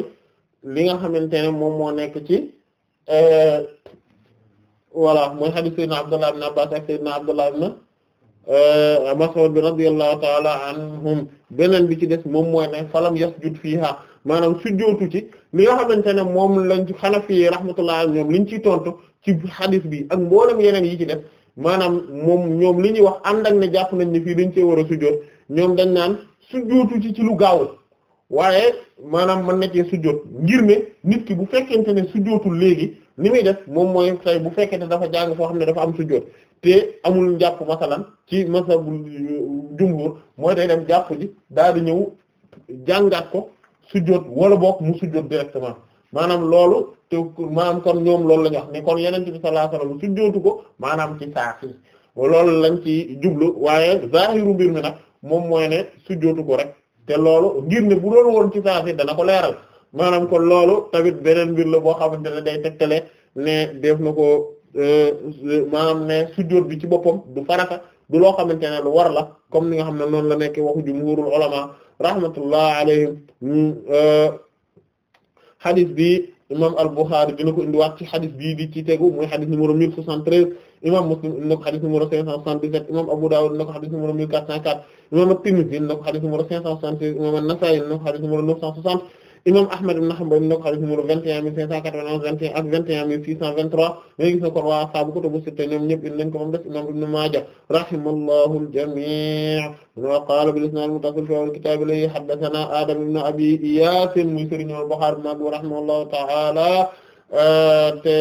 li nga xamante ne moom moo nekk ci wala euh, mooy hadith sayyidina Abdullah ibn Abbas ak sayyidina Euh, Mas'ud bi radiyallahu ta'ala anhum beneen bi ci def moom mooy ne falam fii fiha maanaam sujjootu ci li nga xamante ne moom lañ Hanafi rahmatullah ñoom liñ ciy tontu ci xadis bi ak mboolem yeneen yi ci def maanaam moom ñoom li ñuy wax ànd ak ne jàpp nañ ne fii dañ cee war a sujjoot ñoom dañ naan sujjootu ci ci lu gaaw waaye maanaam mën na cee sujjoot ngir ne nit ki bu fekkente ne sujjootul léegi ni muy def moom mooy tey bu fekkee fekkente dafa jàng foo xam ne dafa am sujjoot te amul njàpp masalan ci masabul jumhur mooy day dem jàpp ji daal di ñëw jàngaat ko sujjóot wala bokk mu sujjóot directement maanaam loolu te maanaam kon ñoom loolu la ñu wax ne kon yeneen bi sallallahu la wasallam sujjóotu ko maanaam ci saafi loolu lañ ci jublu waaye zahiru mbir mi nag moom mooy ne sujjóotu ko rek te loolu ngir ne bu doon woon ci saafi dana ko leeral maanaam kon loolu tamit beneen mbir la boo xamante ne day tegtale ne def na ko Euh, euh, maanaam ne sujjóot bi ci boppam du farata du loo xamante ne lu war la comme ni nga xam ne noonu la nekk waxu jumhurul ulama rahmatullah alayhim xadis euh, bi imam al-Bukhari dina ko indiwaat ci xadis bii di ci tegu mooy xadis numéro 1073 imam Muslim dina ko xadis numéro 577 imam Abu Dawud dina ko xadis numéro 1404 imam at-Tirmidhi dina ko xadis numéro 576 imam an-Nasa'i dina ko xadis numéro 960 imam Ahmad ibn Hanbal na ko xadis numéro 21591 21 ak 21623 mais gis na ko waa saabu kutubu sitta ñoom ñëpp in nañ ko moom des imam Ibn Maaja rahimallahu al-jamii' wa qaala bil-isnaad al-muttasil fi al-kitaab li haddathanaa Adam ibn Abi Iyaas muy sëriñ al-Bukhaari mabu rahimahullahu ta'ala te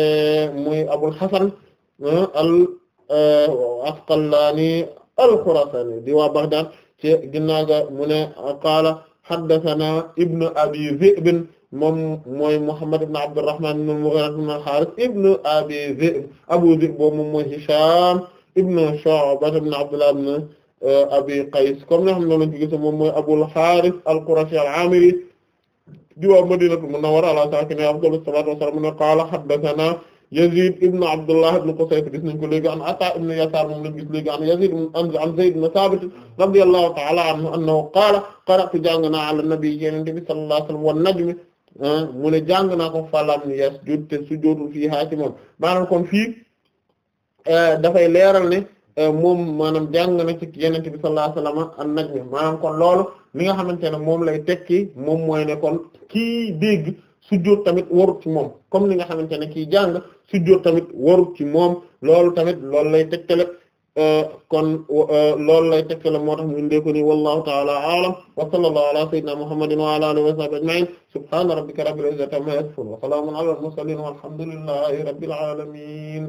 muy Abul Hasan ah, al-Asqalaani ah, al-Khurasaani di waa Baghdad ci ginnaaw ga mu ne qaala haddathana ibn abi Zi'b moom mooy Muhammad ibn Abdurrahman ibn al-Mughira ibn al-Harith ibn abi Zi'b abu Zi'b boobu moom mooy Hisham ibn Shu'ba ibn Abdullah ibn eh, abi Qays comme nga xam ne lañu ko gis moom mooy Abul Harith al-Qurashi al-Amiri di waa Madinatul Munawwara ala saakinihaa afdalu salaatu wa salaam qaala haddathana Yazid ibn Abdullah ibn Qusay gis nañ ko léegi an Ata ibn Yasar moom lañ gis léegi an Yazid an Zayd ibn Sabit radiyallahu ta'ala anhu annahu qaala qara'tu jàng naa ala nabi yonent bi sallallahu alayhi wa sallam wan najmi ah, mu ne jàng naa ko falam yasjud te sujjóotul fii haa ci moom maanaam kon fii eh, dafay leeral ne eh, moom maanaam jàng na ci yonent bi sallallahu alayhi wa sallam an najmi maanaam kon loolu li nga xamante ne moom lay tekki moom mooy ne kon kii dégg sujjóot tamit warut ci moom comme li nga xamante ne kii jàng. sujjóot tamit waru ci moom loolu tamit loolu lay tegtale euh, kon euh, loolu lay tegtale moo tax mu indee ko ni wallahu ta'ala a'lam wa sallallahu ala sayyidina muhammadin wa ala alihi wa sahbihi ajma'in subhana rabbika rabbil izzati amma yasifun wa salamun ala al mursalin walhamdulillahi rabbil alamin